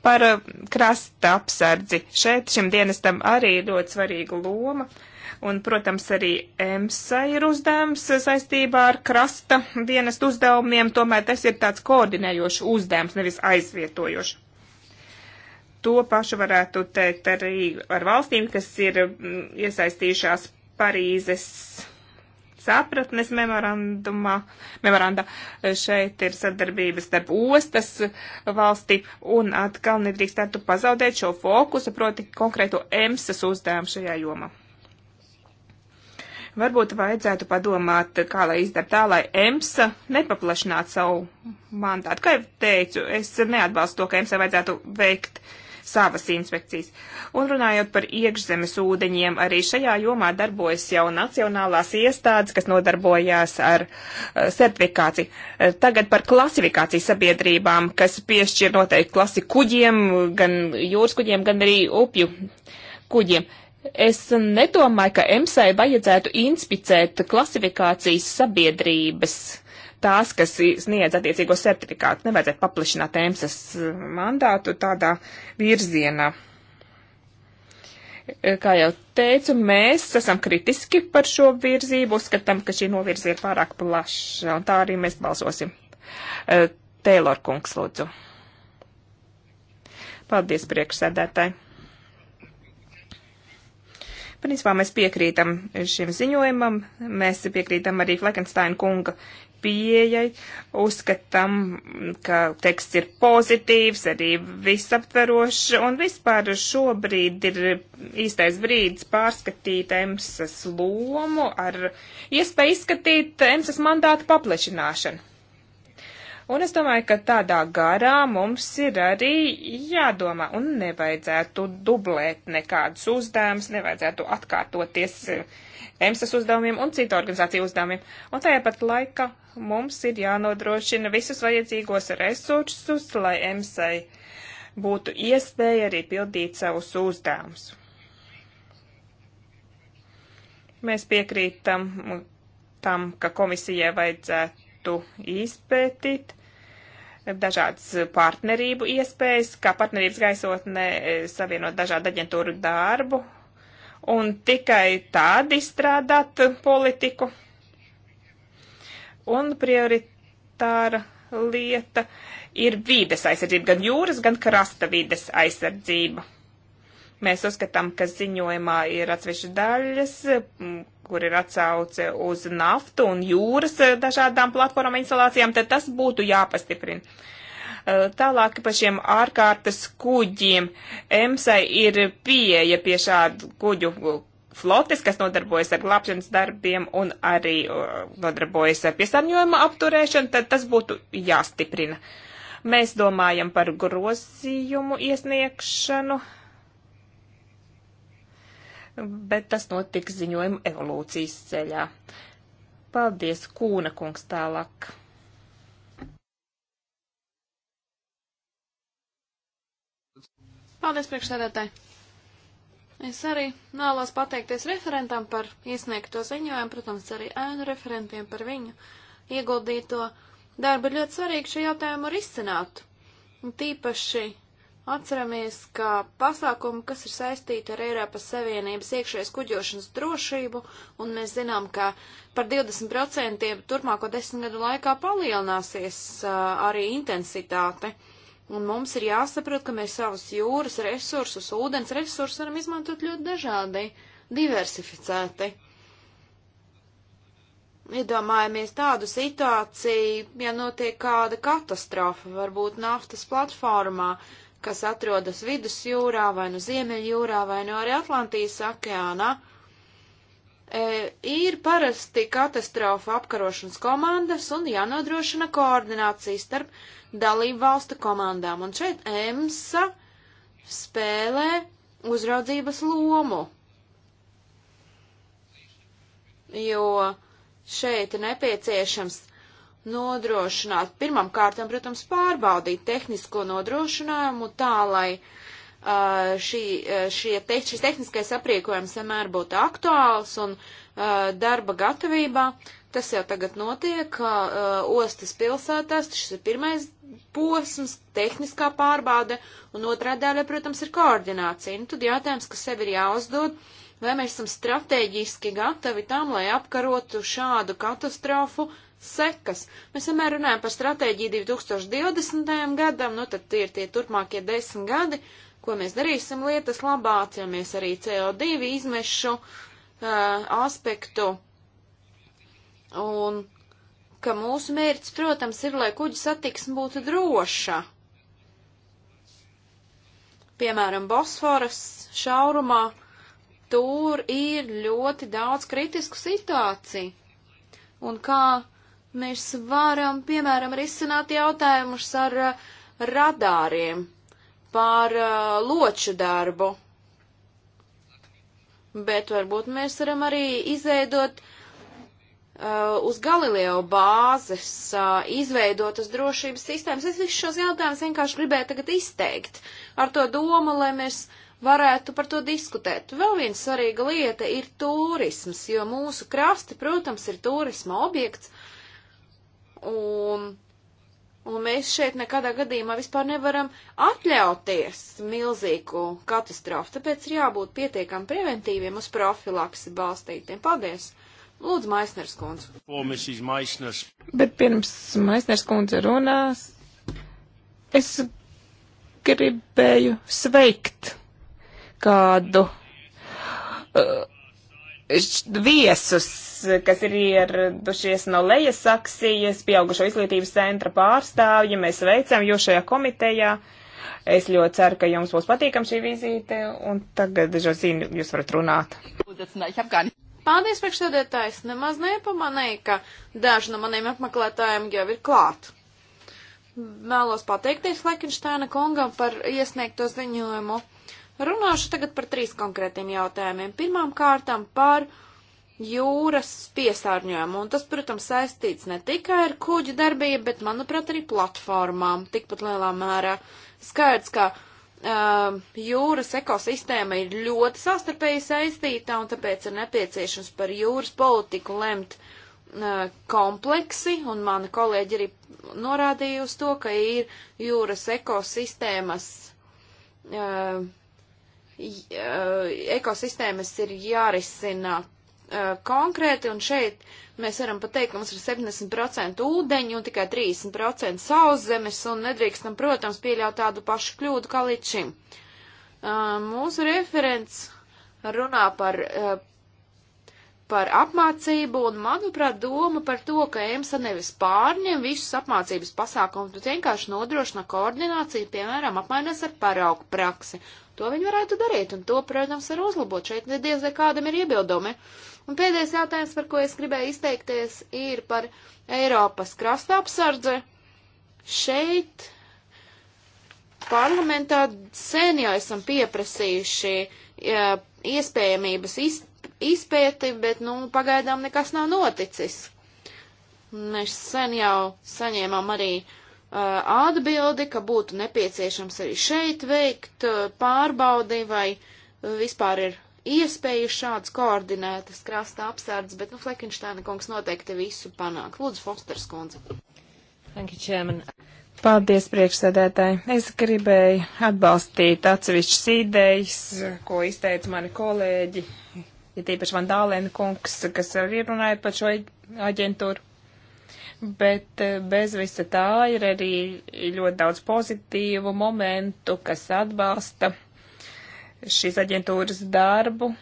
Par uh, krasta apsardzi. Šeit šim dienestam arī ir ļoti svarīga loma. Un, protams, arī EMSA ir uzdevums saistībā ar krasta dienestu uzdevumiem, tomēr tas ir tāds koordinējošs uzdevums, nevis aizvietojošs. To pašu varētu teikt arī ar valstīm, kas ir mm, iesaistījušās Parīzes sapratnes memorandumā. Memoranda e, šeit ir sadarbības starp ostas valsti un atkal nedrīkstētu pazaudēt šo fokusu, proti konkrēto EMSAS uzdevumu šajā jomā. Varbūt vajadzētu padomāt, kā lai izdara tā, lai EMSA nepaplašinātu savu mandātu. Kā jau teicu, es neatbalstu to, ka EMSA vajadzētu veikt uh, savas inspekcijas. Un runājot par iekšzemes ūdeņiem, arī šajā jomā darbojas jau nacionālās iestādes, kas nodarbojās ar eh, certifikāciju. Eh, tagad par klasifikāciju sabiedrībām, kas piešķir noteikti klasi kuģiem, gan jūras kuģiem, gan arī upju kuģiem. Es nedomāju, ka EMSAI vajadzētu inspicēt klasifikācijas sabiedrības. Uh, tās, kas sniedz attiecīgo certifikātu. Nevajadzētu paplašināt EMSAS eh, mandātu tādā virzienā. Eh, kā jau teicu, mēs esam kritiski par šo virzību, uzskatām, ka šī novirze ir pārāk plaša, un tā arī mēs balsosim. Eh, Tēlor kungs, lūdzu. Paldies, priekšsēdētāji. Principā mēs piekrītam šim ziņojumam, mēs piekrītam arī Fleckensteina kunga pieejai. Uzskatām, ka teksts ir pozitīvs, arī visaptverošs, un vispār šobrīd ir īstais brīdis pārskatīt EMSAS lomu ar iespēju izskatīt EMSAS mandātu paplašināšanu. Un es domāju, ka tādā garā mums ir arī jādomā un nevajadzētu dublēt nekādus uzdevumus, nevajadzētu atkārtoties EMSAS uzdevumiem un citu organizāciju uzdevumiem. Un tāpat laika mums ir jānodrošina visus vajadzīgos resursus, lai EMSAI būtu iespēja arī pildīt savus uzdevumus. Mēs piekrītam tam, ka komisijai vajadzētu izpētīt dažādas partnerību iespējas, kā partnerības gaisotnē eh, savienot dažādu aģentūru darbu un tikai tādi izstrādāt politiku. Un prioritāra lieta ir vīdes aizsardzība, gan jūras, gan krasta vīdes aizsardzība. Mēs uzskatām, ka ziņojumā ir atsevišķi daļas, kur ir atsauce uz naftu un jūras e, dažādām platformām instalācijām, tad tas būtu jāpastiprina. E, tālāk par šiem ārkārtas kuģiem. EMSAI ir pieeja pie šādu kuģu flotes, kas nodarbojas ar glābšanas darbiem un arī nodarbojas ar piesārņojuma apturēšanu, tad tas būtu jāstiprina. Mēs domājam par grozījumu iesniegšanu, bet tas notiks ziņojuma evolūcijas ceļā. Paldies, Kūna kungs tālāk. Paldies, priekšsēdētāji! Es arī vēlos pateikties referentam par iesniegto ziņojumu, protams, arī ēnu referentiem par viņu ieguldīto darbu. Ir ļoti svarīgi šo jautājumu arī izcināt. Un tīpaši atceramies, ka pasākumi, kas ir saistīti ar Eiropas Savienības iekšējais kuģošanas drošību, un mēs zinām, ka par 20% turpmāko desmit gadu laikā palielināsies uh, arī intensitāte. Uh, Un mums ir jāsaprot, ka mēs savus jūras resursus, ūdens resursus varam izmantot ļoti dažādi, diversificēti. Iedomājamies tādu situāciju, ja notiek kāda katastrofa, varbūt naftas platformā, kas atrodas vidusjūrā vai nu no ziemeļjūrā vai nu no arī Atlantijas okeānā. E, ir parasti katastrofa apkarošanas komandas un jānodrošina koordinācija starp dalību valstu komandām. Un šeit EMSA spēlē uzraudzības lomu, jo šeit ir nepieciešams nodrošināt, pirmam kārtam, protams, pārbaudīt tehnisko nodrošinājumu tā, lai uh, šī, uh, šie, te, šis tehniskais apriekojums vienmēr būtu aktuāls un uh, darba gatavībā. Tas jau tagad notiek ostas pilsētās, šis ir pirmais posms, tehniskā pārbaude, un otrā daļa, protams, ir koordinācija. Nu, tad jautājums, kas sev ir jāuzdod, vai mēs esam strateģiski gatavi tam, lai apkarotu šādu katastrofu sekas. Mēs vienmēr runājam par stratēģiju 2020. gadam, nu tad tie ir tie turpmākie desmit gadi, ko mēs darīsim lietas labā, cīnāmies arī CO2 izmešu aspektu. Un ka mūsu mērķis, protams, ir, lai kuģa satiksme būtu droša. Piemēram, Bosforas šaurumā tur ir ļoti daudz kritisku situāciju. Un kā mēs varam, piemēram, risināt jautājumus ar, ar radāriem par uh, loču darbu bet varbūt mēs varam arī izveidot uh, uz Galileo bāzes, uh, izveidotas drošības sistēmas. Es visus šos jautājumus vienkārši gribēju tagad izteikt ar to domu, lai mēs varētu par to diskutēt. Vēl viena svarīga lieta ir turisms, jo mūsu krasti, protams, ir turisma objekts. Un Un mēs šeit nekādā gadījumā vispār nevaram atļauties milzīgu katastrofu, tāpēc ir jābūt pietiekam preventīviem uz profilaksi balstītiem. Paldies! Lūdzu, Maisners kundze. Maisners. Bet pirms Maisners kundze runās, es gribēju sveikt kādu. Uh, viesus, kas ir ieradušies no lejas saksijas, pieaugušo izglītības centra pārstāvji. Mēs veicam jūs šajā komitejā. Es ļoti ceru, ka jums būs patīkam šī vizīte, un tagad, Žozīna, jūs varat runāt. Paldies, priekšsēdētājs. Nemaz nepamanīju, ka daži no maniem apmeklētājiem jau ir klāt. Vēlos pateikties Lekinšteina kungam par iesniegto ziņojumu. Runāšu tagad par trīs konkrētiem jautājumiem. Pirmām kārtām par jūras piesārņojumu, un tas, protams, saistīts ne tikai ar kuģu darbību, bet, manuprāt, arī platformām tikpat lielā mērā. Skaidrs, ka uh, jūras ekosistēma ir ļoti sastarpēji saistīta, un tāpēc ir nepieciešams par jūras politiku lemt uh, kompleksi, un mani kolēģi arī norādīja uz to, ka ir jūras ekosistēmas uh, Eh, ekosistēmas ir jārisina eh, konkrēti, un šeit mēs varam pateikt, ka mums ir 70% ūdeņi un tikai 30% sauszemes, un nedrīkstam, protams, pieļaut tādu pašu kļūdu kā līdz šim. Eh, mūsu referents runā par par apmācību, un, manuprāt, doma par to, ka EMSA nevis pārņem visus apmācības pasākumus, bet vienkārši nodrošina koordināciju, piemēram, apmainās ar paraugu praksi. To viņi varētu darīt, un to, protams, var uzlabot. Šeit nediez vai kādam ir iebildumi. Un pēdējais jautājums, par ko es gribēju izteikties, ir par Eiropas krasta apsardze. Šeit parlamentā sen jau esam pieprasījuši ja, iespējamības izpētīt izpēti, bet, nu, pagaidām nekas nav noticis. Mēs sen jau saņēmām arī uh, atbildi, ka būtu nepieciešams arī šeit veikt uh, pārbaudi, vai uh, vispār ir iespēja šādas koordinētas krasta apsardzes, bet, nu, Flekinštāna kungs noteikti visu panāk. Lūdzu, Fosters kundze. Thank you, Chairman. Paldies, priekšsēdētāji. Es gribēju atbalstīt atsevišķas idejas, ko izteica mani kolēģi, ir tīpaši Van Dālēna kungs, kas arī runāja par šo aģentūru. Bet eh, bez visa tā ir arī ļoti daudz pozitīvu momentu, kas atbalsta šīs aģentūras darbu.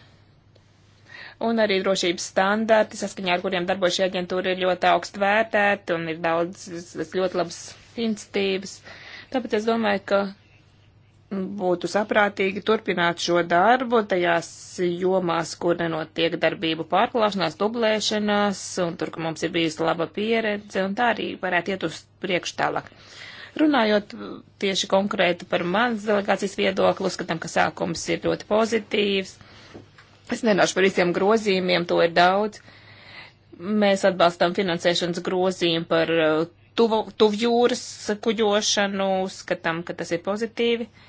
Un arī drošības standarti, saskaņā ar kuriem darbojas šī aģentūra, ir ļoti augstu vērtēti un ir daudz ļoti labas institīvas. Tāpēc es domāju, ka būtu saprātīgi turpināt šo darbu tajās jomās, kur nenotiek darbību pārklāšanās, dublēšanās, un tur, ka mums ir bijusi laba pieredze, un tā arī varētu iet uz priekšu tālāk. Runājot tieši konkrēti par manas delegācijas viedokli, uzskatām, ka sākums ir ļoti pozitīvs. Es nenāšu par visiem grozījumiem, to ir daudz. Mēs atbalstām finansēšanas grozījumu par uh, tuvu, tuvjūras kuģošanu, uzskatām, ka tas ir pozitīvi. Uh,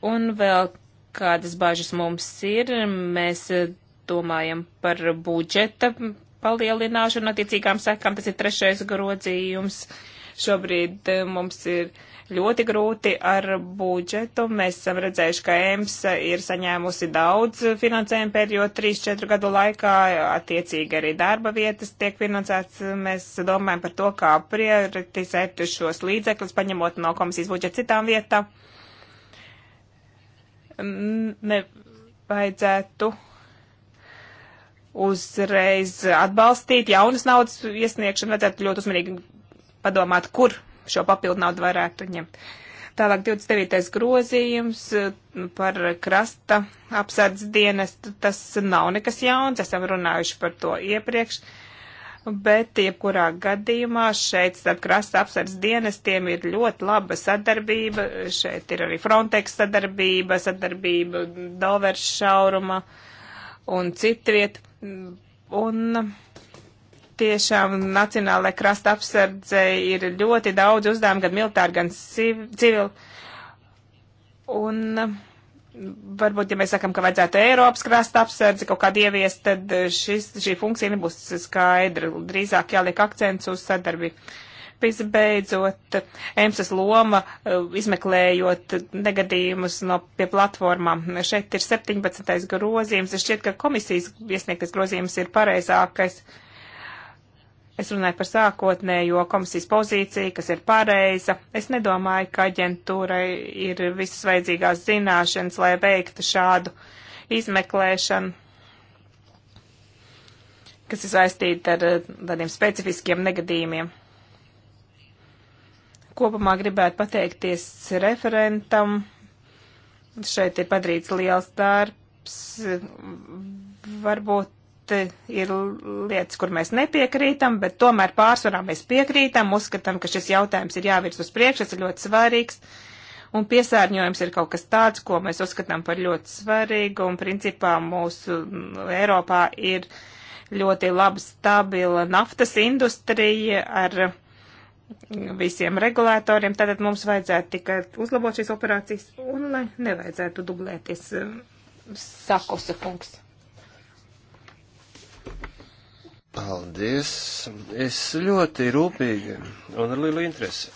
Un vēl kādas bažas mums ir, mēs eh, domājam par budžeta palielināšanu attiecīgām sekām, tas ir trešais grozījums. Šobrīd eh, mums ir ļoti grūti ar budžetu. Mēs esam redzējuši, ka EMSA ir saņēmusi daudz finansējumu pēdējo 3-4 gadu laikā, attiecīgi arī darba vietas tiek finansēts. Mēs domājam par to, kā prioritizēt šos līdzekļus, paņemot no komisijas budžeta citām vietām nevajadzētu uzreiz atbalstīt jaunas naudas iesniegšanu, vajadzētu ļoti uzmanīgi padomāt, kur šo papildu naudu varētu ņemt. Tālāk 29. grozījums eh, par krasta apsardz dienestu, tas nav nekas jauns, esam runājuši par to iepriekš. Uh, bet jebkurā gadījumā šeit starp krasta apsardz dienestiem ir ļoti laba sadarbība. Šeit ir arī Frontex sadarbība, sadarbība Dovers šauruma un citviet. Un tiešām Nacionālajai krasta apsardzei ir ļoti daudz uzdevumi, gan militāri, gan civili. Un varbūt, ja mēs sakam, ka vajadzētu Eiropas krasta apsardzi kaut kādu ieviest, tad šis, šī funkcija nebūs skaidra. Drīzāk jāliek akcents uz sadarbību. Visbeidzot, EMSAS loma uh, izmeklējot negadījumus no pie platformām. Šeit ir 17. grozījums. Es šķiet, ka komisijas iesniegtais grozījums ir pareizākais. Uh, Es runāju par sākotnējo komisijas pozīciju, kas ir pareiza. Es nedomāju, ka aģentūrai ir visas vajadzīgās zināšanas, lai veiktu šādu izmeklēšanu, kas ir saistīta ar eh, tādiem specifiskiem negadījumiem. Kopumā gribētu pateikties referentam. Šeit ir padarīts liels darbs. Varbūt ir lietas, kur mēs nepiekrītam, bet tomēr pārsvarā mēs piekrītam, uzskatām, ka šis jautājums ir jāvirs uz priekšu, tas ir ļoti svarīgs. Un piesārņojums ir kaut kas tāds, ko mēs uzskatām par ļoti svarīgu, un principā mūsu Eiropā ir ļoti laba, stabila naftas industrija ar visiem regulētoriem, tātad mums vajadzētu tikai uzlabot šīs operācijas un lai nevajadzētu dublēties. Sakosa kungs. Paldies! Es ļoti rūpīgi un ar lielu interesi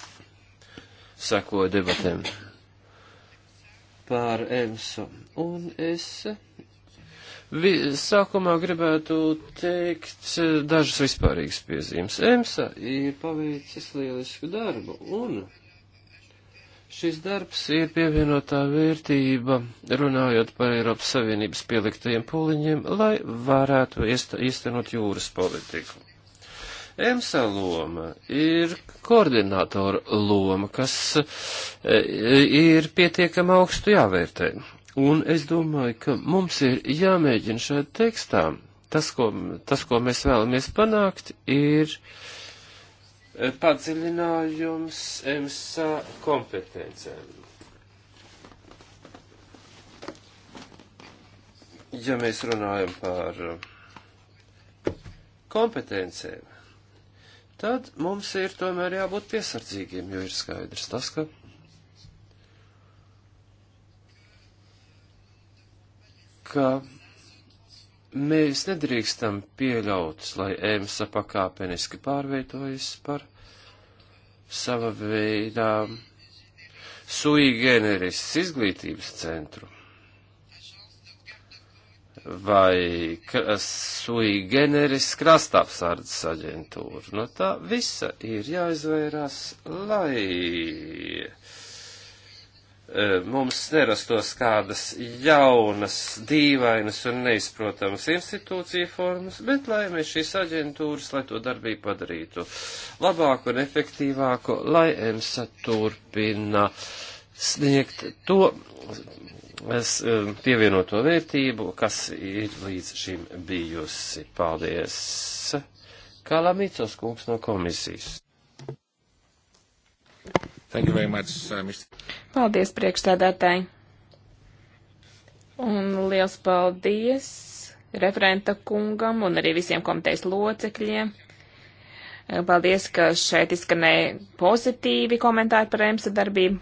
sekoju debatēm par EMSU. Un es vi, sākumā gribētu teikt dažas vispārīgas piezīmes. EMSA ir paveicis lielisku darbu un Šis darbs ir pievienotā vērtība, runājot par Eiropas Savienības pieliktajiem pūliņiem, lai varētu īstenot jūras politiku. EMSA loma ir koordinātora loma, kas e, ir pietiekama augstu jāvērtē. Un es domāju, ka mums ir jāmēģina šajā tekstā. Tas, ko, tas, ko mēs vēlamies panākt, ir uh, Eh, padziļinājums EMSA kompetencēm. Ja mēs runājam par kompetencēm, tad mums ir tomēr jābūt piesardzīgiem, jo ir skaidrs tas, ka ka Mēs nedrīkstam pieļaut, lai ēmsa pakāpeniski pārveidojas par sava veidā sui generis izglītības centru vai sui generis krastapsardzes aģentūru. No tā visa ir jāizvairās, lai Eh, mums nerastos kādas jaunas, dīvainas un neizprotamas institūcija formas, bet lai mēs šīs aģentūras, lai to darbību padarītu labāku un efektīvāku, lai EMSA turpina sniegt to es, eh, pievienoto vērtību, kas ir līdz šim bijusi. Paldies! Kā Lamīcos kungs no komisijas. Thank you very much, uh, Mr. Paldies, priekšstādātāji. Un liels paldies referenta kungam un arī visiem komitejas locekļiem. Uh, paldies, ka šeit izskanēja pozitīvi komentāri par EMSA darbību.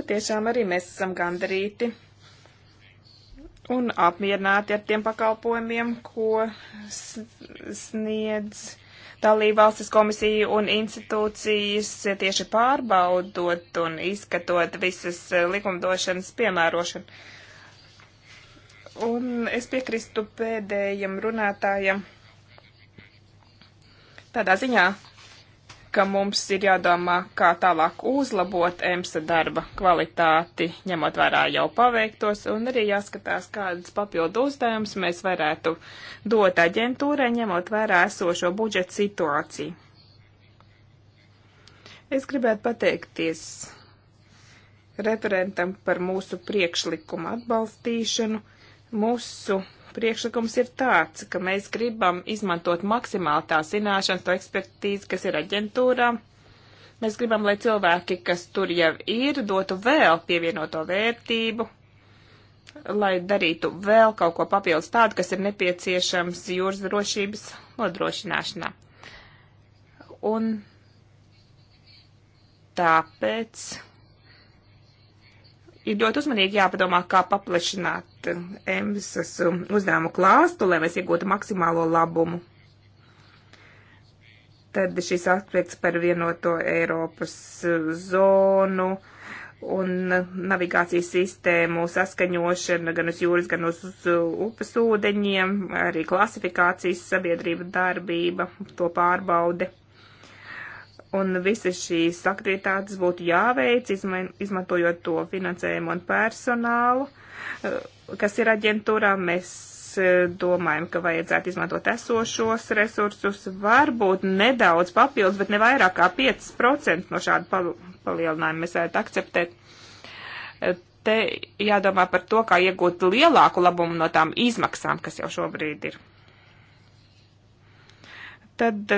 Patiešām arī mēs esam gandarīti un apmierināti ar tiem pakalpojumiem, ko sniedz dalībvalstis komisiju un institūcijas tieši pārbaudot un izskatot visas eh, likumdošanas piemērošanu. Un es piekristu pēdējiem runātājiem tādā ziņā, ka mums ir jādomā, kā tālāk uzlabot EMSA darba kvalitāti, ņemot vērā jau paveiktos, un arī jāskatās, kādas papildu uzdevumus mēs varētu dot aģentūrai, ņemot vērā esošo budžeta situāciju. Es gribētu pateikties referentam par mūsu priekšlikumu atbalstīšanu. Mūsu priekšlikums ir tāds, ka mēs gribam izmantot maksimāli tās zināšanas, to ekspertīzi, kas ir aģentūrā. Mēs gribam, lai cilvēki, kas tur jau ir, dotu vēl pievienoto vērtību, lai darītu vēl kaut ko papildus tādu, kas ir nepieciešams jūras drošības nodrošināšanā. Un tāpēc ir ļoti uzmanīgi jāpadomā, kā paplašināt eh, EMSAS uzņēmu um, klāstu, lai mēs iegūtu maksimālo labumu. Tad šis aspekts par vienoto Eiropas eh, zonu un navigācijas sistēmu saskaņošana gan uz jūras, gan uz eh, upes ūdeņiem, arī klasifikācijas sabiedrība darbība, to pārbaude. Un visas šīs aktivitātes būtu jāveic, izmantojot to finansējumu un personālu, eh, kas ir aģentūrā. Mēs eh, domājam, ka vajadzētu izmantot esošos resursus, varbūt nedaudz papildus, bet ne vairāk kā 5% no šāda palielinājuma mēs varētu akceptēt. Eh, te jādomā par to, kā iegūt lielāku labumu no tām izmaksām, kas jau šobrīd ir. Tad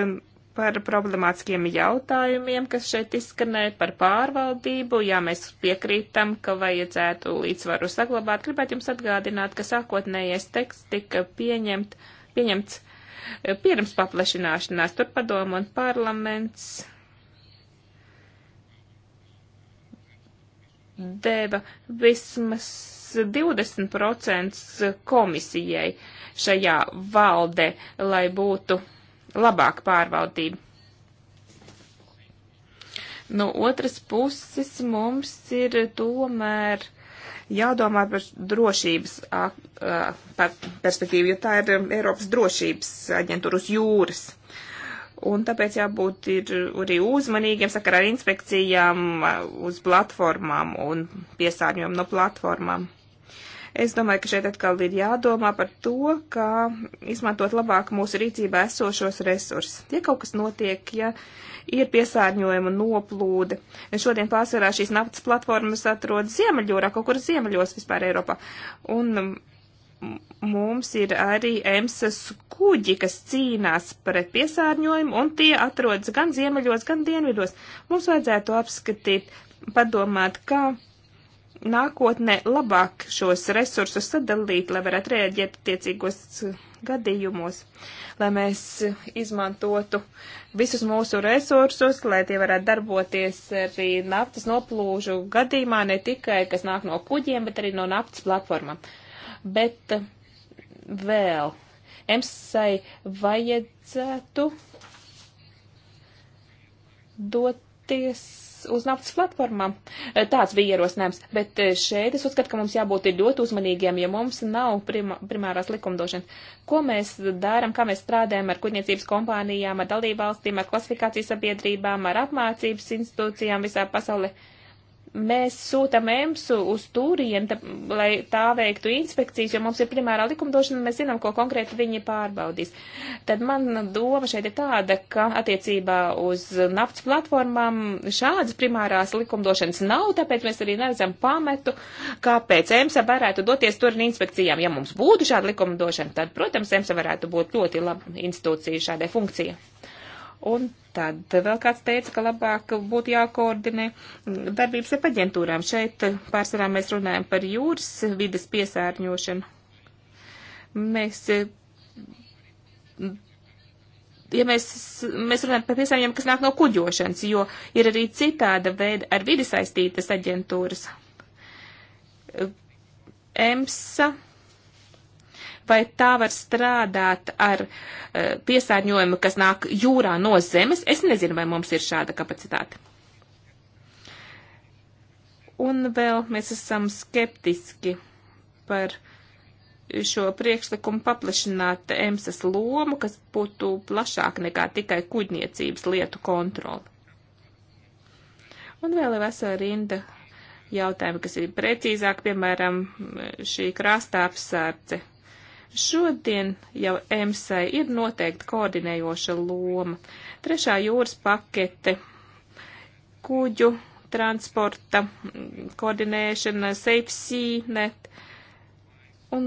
par problemātiskiem jautājumiem, kas šeit izskanēja par pārvaldību. Jā, mēs piekrītam, ka vajadzētu līdzsvaru saglabāt. Gribētu jums atgādināt, ka sākotnējais teksts tika pieņemt, pieņemts eh, pirms paplašināšanās. Tur padomu un parlaments deva vismaz 20% komisijai šajā valde, lai būtu labāka pārvaldība. No otras puses mums ir tomēr jādomā par drošības par perspektīvu, jo tā ir um, Eiropas drošības aģentūra uz jūras. Un tāpēc jābūt ir arī uzmanīgiem sakarā ar inspekcijām uz platformām un piesārņojumu no platformām. Es domāju, ka šeit atkal ir jādomā par to, kā izmantot labāk mūsu rīcībā esošos resursus. Ja kaut kas notiek, ja ir piesārņojuma noplūde, šodien pārsvarā šīs naftas platformas atrodas Ziemeļjūrā, kaut kur Ziemeļos vispār Eiropā. Un mums ir arī emsas kuģi, kas cīnās pret piesārņojumu, un tie atrodas gan ziemeļos, gan dienvidos. Mums vajadzētu apskatīt, padomāt, kā nākotnē labāk šos resursus sadalīt, lai varētu rēģēt attiecīgos gadījumos, lai mēs izmantotu visus mūsu resursus, lai tie varētu darboties arī naftas noplūžu gadījumā, ne tikai, kas nāk no kuģiem, bet arī no naftas platformām. Bet eh, vēl EMSai vajadzētu dot doties uz naftas platformām. E, tāds bija ierosinājums. Bet e, šeit es uzskatu, ka mums jābūt ļoti uzmanīgiem, jo mums nav primā, primārās likumdošanas. Ko mēs darām, kā mēs strādājam ar kuģniecības kompānijām, ar dalībvalstīm, ar klasifikācijas sabiedrībām, ar apmācības institūcijām visā pasaulē? Uh, mēs sūtam EMSU uz turieni, lai tā veiktu inspekcijas, jo mums ir primārā likumdošana, mēs zinām, ko konkrēti viņi pārbaudīs. Tad man doma šeit ir tāda, ka attiecībā uz naftas platformām šādas primārās likumdošanas nav, tāpēc mēs arī neredzam pametu, kāpēc EMSA varētu doties turieni inspekcijām. Ja mums būtu šāda likumdošana, tad, protams, EMSA varētu būt ļoti laba institūcija šādai funkcijai. Un tad vēl kāds teica, ka labāk būtu jākoordinē darbības ar aģentūrām. Šeit pārsvarā mēs runājam par jūras vides piesārņošanu. Mēs, ja mēs, mēs runājam par piesārņojumu, kas nāk no kuģošanas, jo ir arī citāda veida ar vidi saistītas aģentūras. EMSA vai tā var strādāt ar uh, piesārņojumu, kas nāk jūrā no zemes. Es nezinu, vai mums ir šāda kapacitāte. Un vēl mēs esam skeptiski par šo priekšlikumu paplašināt EMSAS lomu, kas būtu plašāk nekā tikai kuģniecības lietu kontroli. Un vēl ir vesela rinda jautājumi, kas ir precīzāk, piemēram, šī krasta apsārce. Šodien jau EMSAI ir noteikti koordinējoša loma. Trešā jūras pakete, kuģu transporta koordinēšana, safe sīnet un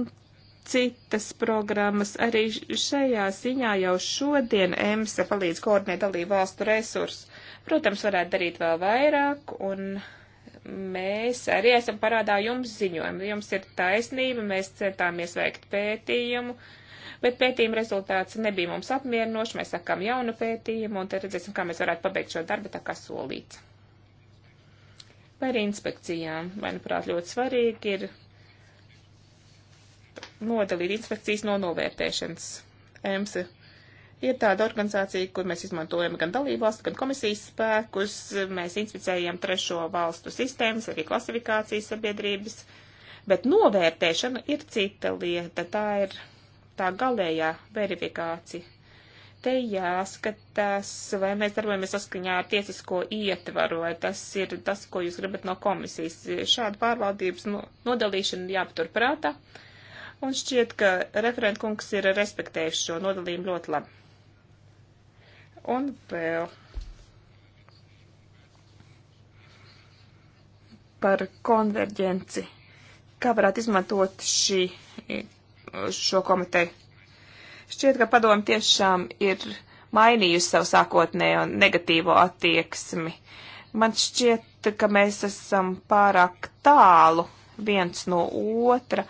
citas programmas. Arī šajā ziņā jau šodien EMSA palīdz koordinēt dalību valstu resursus. Protams, varētu darīt vēl vairāk un mēs arī esam parādā jums ziņojumu. Jums ir taisnība, mēs centāmies veikt pētījumu, bet pētījuma rezultāts nebija mums apmierinošs. Mēs sakām jaunu pētījumu, un tad redzēsim, kā mēs varētu pabeigt šo darbu, tā kā solīts. Par inspekcijām, manuprāt, ļoti svarīgi ir nodalīt inspekcijas no novērtēšanas. EMSA ir tāda organizācija, kur mēs izmantojam gan dalībvalstu, gan komisijas spēkus, mēs inspicējam trešo valstu sistēmas, arī klasifikācijas sabiedrības, bet novērtēšana ir cita lieta, tā ir tā galējā verifikācija. Te jāskatās, vai mēs darbojamies saskaņā ar tiesisko ietvaru, vai tas ir tas, ko jūs gribat no komisijas. Šādu pārvaldības nodalīšanu jāpatur prātā, un šķiet, ka referentkungs ir respektējis šo nodalījumu ļoti labi. Un vēl par konverģenci. Kā varētu izmantot šī, šo komiteju? Šķiet, ka padomu tiešām ir mainījusi savu sākotnējo negatīvo attieksmi. Man šķiet, ka mēs esam pārāk tālu viens no otra,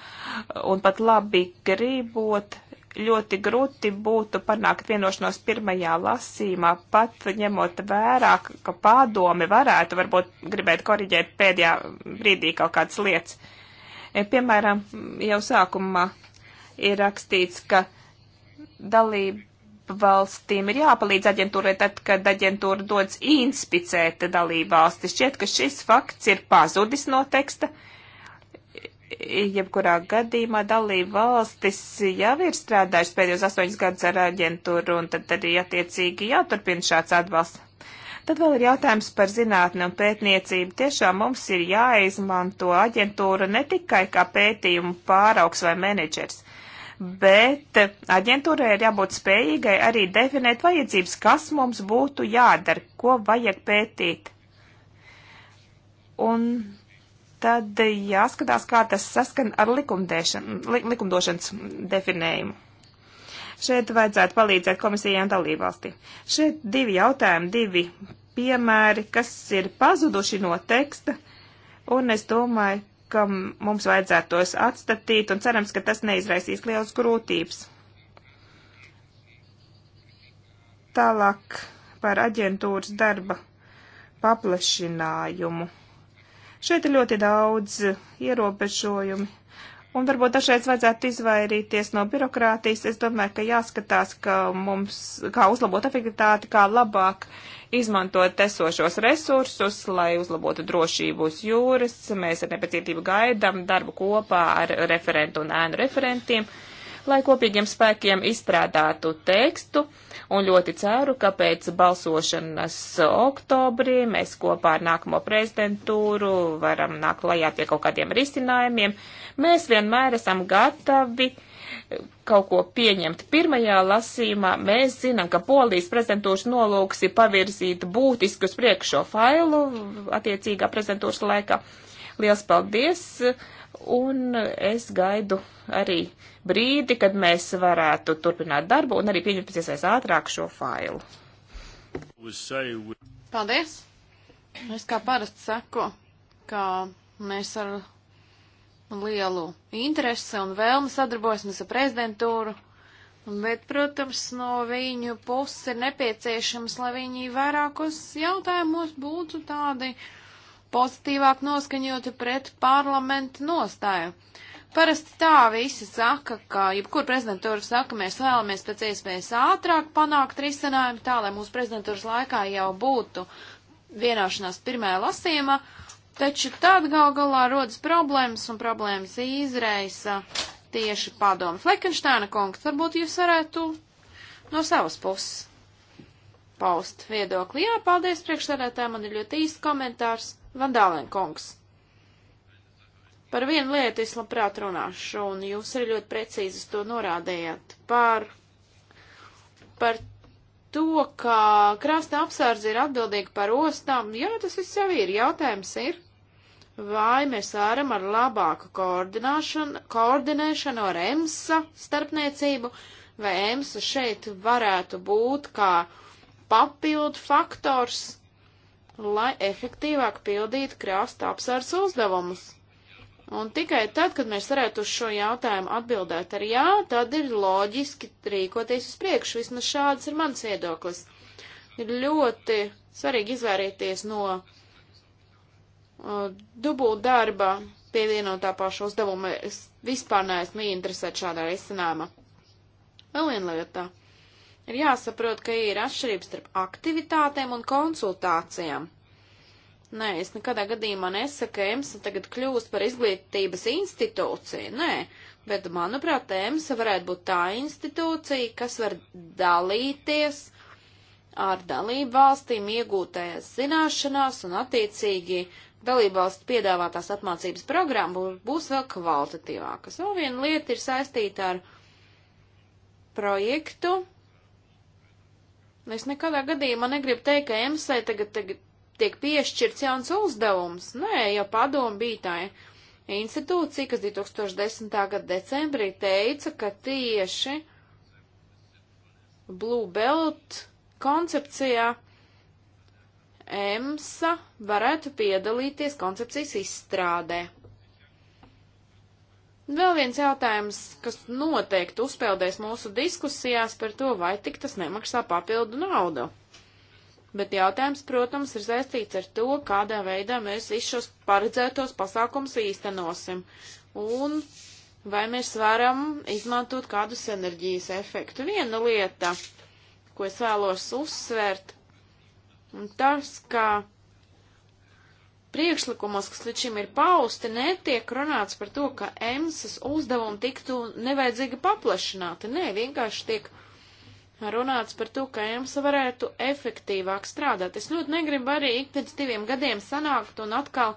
un pat labi gribot, ļoti grūti būtu panākt vienošanos pirmajā lasīmā, pat ņemot vērā, ka pārdomi varētu varbūt gribēt koriģēt pēdējā brīdī kaut kādas lietas. E, piemēram, jau sākumā ir rakstīts, ka dalību valstīm ir jāpalīdz aģentūrai tad, kad aģentūra dodas inspicēt dalību valstis. Šķiet, ka šis fakts ir pazudis no teksta. Uh, jebkurā gadījumā dalība valstis jau ir strādājušas pēdējos astoņus gadus ar aģentūru, un tad arī attiecīgi jāturpina šāds atbalsts. Tad vēl ir jautājums par zinātni un pētniecību. Tiešām mums ir jāizmanto aģentūra ne tikai kā pētījumu pāraugs vai menedžers, bet aģentūrai ir jābūt spējīgai arī definēt vajadzības, kas mums būtu jādara, ko vajag pētīt. Un tad jāskatās, kā tas saskan ar li, likumdošanas definējumu. Šeit vajadzētu palīdzēt komisijai un dalībvalstīm. Šeit divi jautājumi, divi piemēri, kas ir pazuduši no teksta, un es domāju, ka mums vajadzētu tos atstatīt, un cerams, ka tas neizraisīs liels grūtības. Tālāk par aģentūras darba paplašinājumu. Šeit ir ļoti daudz ierobežojumi. Un varbūt dažreiz vajadzētu izvairīties no birokrātijas. Es domāju, ka jāskatās, ka mums, kā uzlabot efektivitāti, kā labāk izmantot esošos resursus, lai uzlabotu drošību uz jūras. Mēs ar nepacietību gaidām darbu kopā ar referentu un ēnu referentiem. Uh, lai kopīgiem spēkiem izstrādātu tekstu, un ļoti ceru, ka pēc balsošanas oktobrī mēs kopā ar nākamo prezidentūru varam nākt lajā pie kaut kādiem risinājumiem. Mēs vienmēr esam gatavi kaut ko pieņemt pirmajā lasīmā, mēs zinām, ka polijas prezidentūras nolūks ir pavirzīt būtiski uz priekšu šo failu attiecīgā prezidentūras laikā. Liels paldies! un es gaidu arī brīdi, kad mēs varētu turpināt darbu un arī pieņemt pēc iespējas ātrāk šo failu. Paldies! Es kā parasti saku, ka mēs ar lielu interesi un vēlmi sadarbosimies ar prezidentūru, bet, protams, no viņu puses ir nepieciešams, lai viņi vairākos jautājumos būtu tādi uh, pozitīvāk noskaņoti pret parlamentu nostāju. Parasti tā visi saka, ka jebkur prezidentūra saka, mēs vēlamies pēc iespējas ātrāk panākt risinājumu tā, lai mūsu prezidentūras laikā jau būtu vienošanās pirmajā lasījumā, taču tad gal galā rodas problēmas un problēmas izraisa tieši padomu. Fleckensteina kungs, varbūt jūs varētu no savas puses paust viedokli. Jā, paldies priekšsēdētājai, man ir ļoti īsts komentārs. Vandālenkungs. Par vienu lietu es labprāt runāšu, un jūs arī ļoti precīzi to norādījāt. Par, par to, ka krasta apsardze ir atbildīga par ostām, jā, tas viss jau ir. Jautājums ir, vai mēs varam ar labāku koordinēšanu, koordinēšanu ar EMSA starpniecību, vai EMSA šeit varētu būt kā uh, papildu faktors, lai efektīvāk pildītu krāsta apsardzes uzdevumus. Un tikai tad, kad mēs varētu uz šo jautājumu atbildēt ar jā, tad ir loģiski rīkoties uz priekšu. Vismaz šāds ir mans viedoklis. Ir ļoti svarīgi izvairīties no uh, dubult darba pievienotā paša uzdevuma. Es vispār neesmu interesēta šādā risinājumā. Vēl viena lieta. Ir jāsaprot, ka ir atšķirības starp aktivitātēm un konsultācijām. Nē, es nekadā gadījumā nesaku, ka EMSA tagad kļūst par izglītības institūciju. Nē, bet, manuprāt, EMSA varētu būt tā institūcija, kas var dalīties ar dalību valstīm iegūtajās zināšanās un attiecīgi dalību valstu piedāvātās apmācības programma būs vēl kvalitatīvākas. Vēl viena lieta ir saistīta ar projektu, Es nekādā gadījumā negribu teikt, ka MC e tagad, tagad tiek piešķirts jauns uzdevums. Nē, jau padomu bija tā institūcija, kas 2010. gada decembrī teica, ka tieši Blue Belt koncepcijā EMSA varētu piedalīties koncepcijas izstrādē. Vēl viens jautājums, kas noteikti uzpeldēs mūsu diskusijās par to, vai tik tas nemaksā papildu naudu. Bet jautājums, protams, ir saistīts ar to, kādā veidā mēs visus šos paredzētos pasākums īstenosim. Un vai mēs varam izmantot kādus enerģijas efektu. Viena lieta, ko es vēlos uzsvērt, un tas, ka priekšlikumos, kas līdz šim ir pausti, netiek runāts par to, ka EMSAS uzdevumi tiktu nevajadzīgi paplašināti. Nē, vienkārši tiek runāts par to, ka EMSA varētu efektīvāk strādāt. Es ļoti negribu arī ik pēc diviem gadiem sanākt un atkal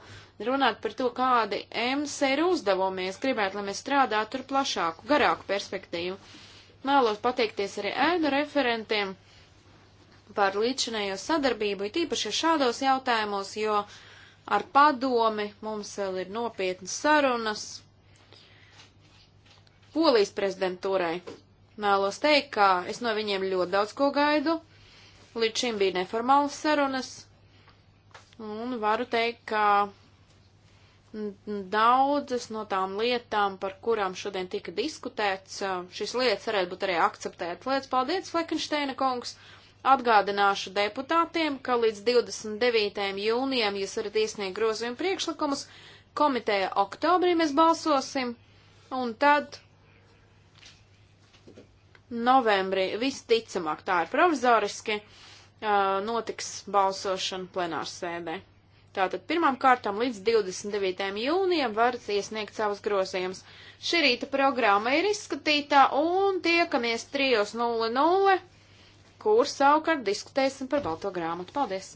runāt par to, kādi EMSA ir uzdevumi. Es gribētu, lai mēs strādātu ar plašāku, garāku perspektīvu. Mēlos pateikties arī ēnu referentiem par līdzinējo sadarbību, it īpaši šādos jautājumos, jo uh, ar padomi, mums vēl ir nopietnas sarunas. Polijas prezidentūrai vēlos teikt, ka es no viņiem ļoti daudz ko gaidu. Līdz šim bija neformālas sarunas, un varu teikt, ka daudzas no tām lietām, par kurām šodien tika diskutēts, šīs lietas varētu būt arī akceptētas. Lietas paldies, Flekensteina kungs, Atgādināšu deputātiem, ka līdz 29. jūnijam jūs varat iesniegt grozījumu priekšlikumus, komiteja oktobrī mēs balsosim, un tad novembrī visticamāk tā ir provizoriski notiks balsošana plenārsēdē. Tātad pirmām kārtām līdz 29. jūnijam varat iesniegt savus grozījumus. Šī rīta programma ir izskatītā un tiekamies 3.00 kur savukārt diskutēsim par balto grāmatu. Paldies!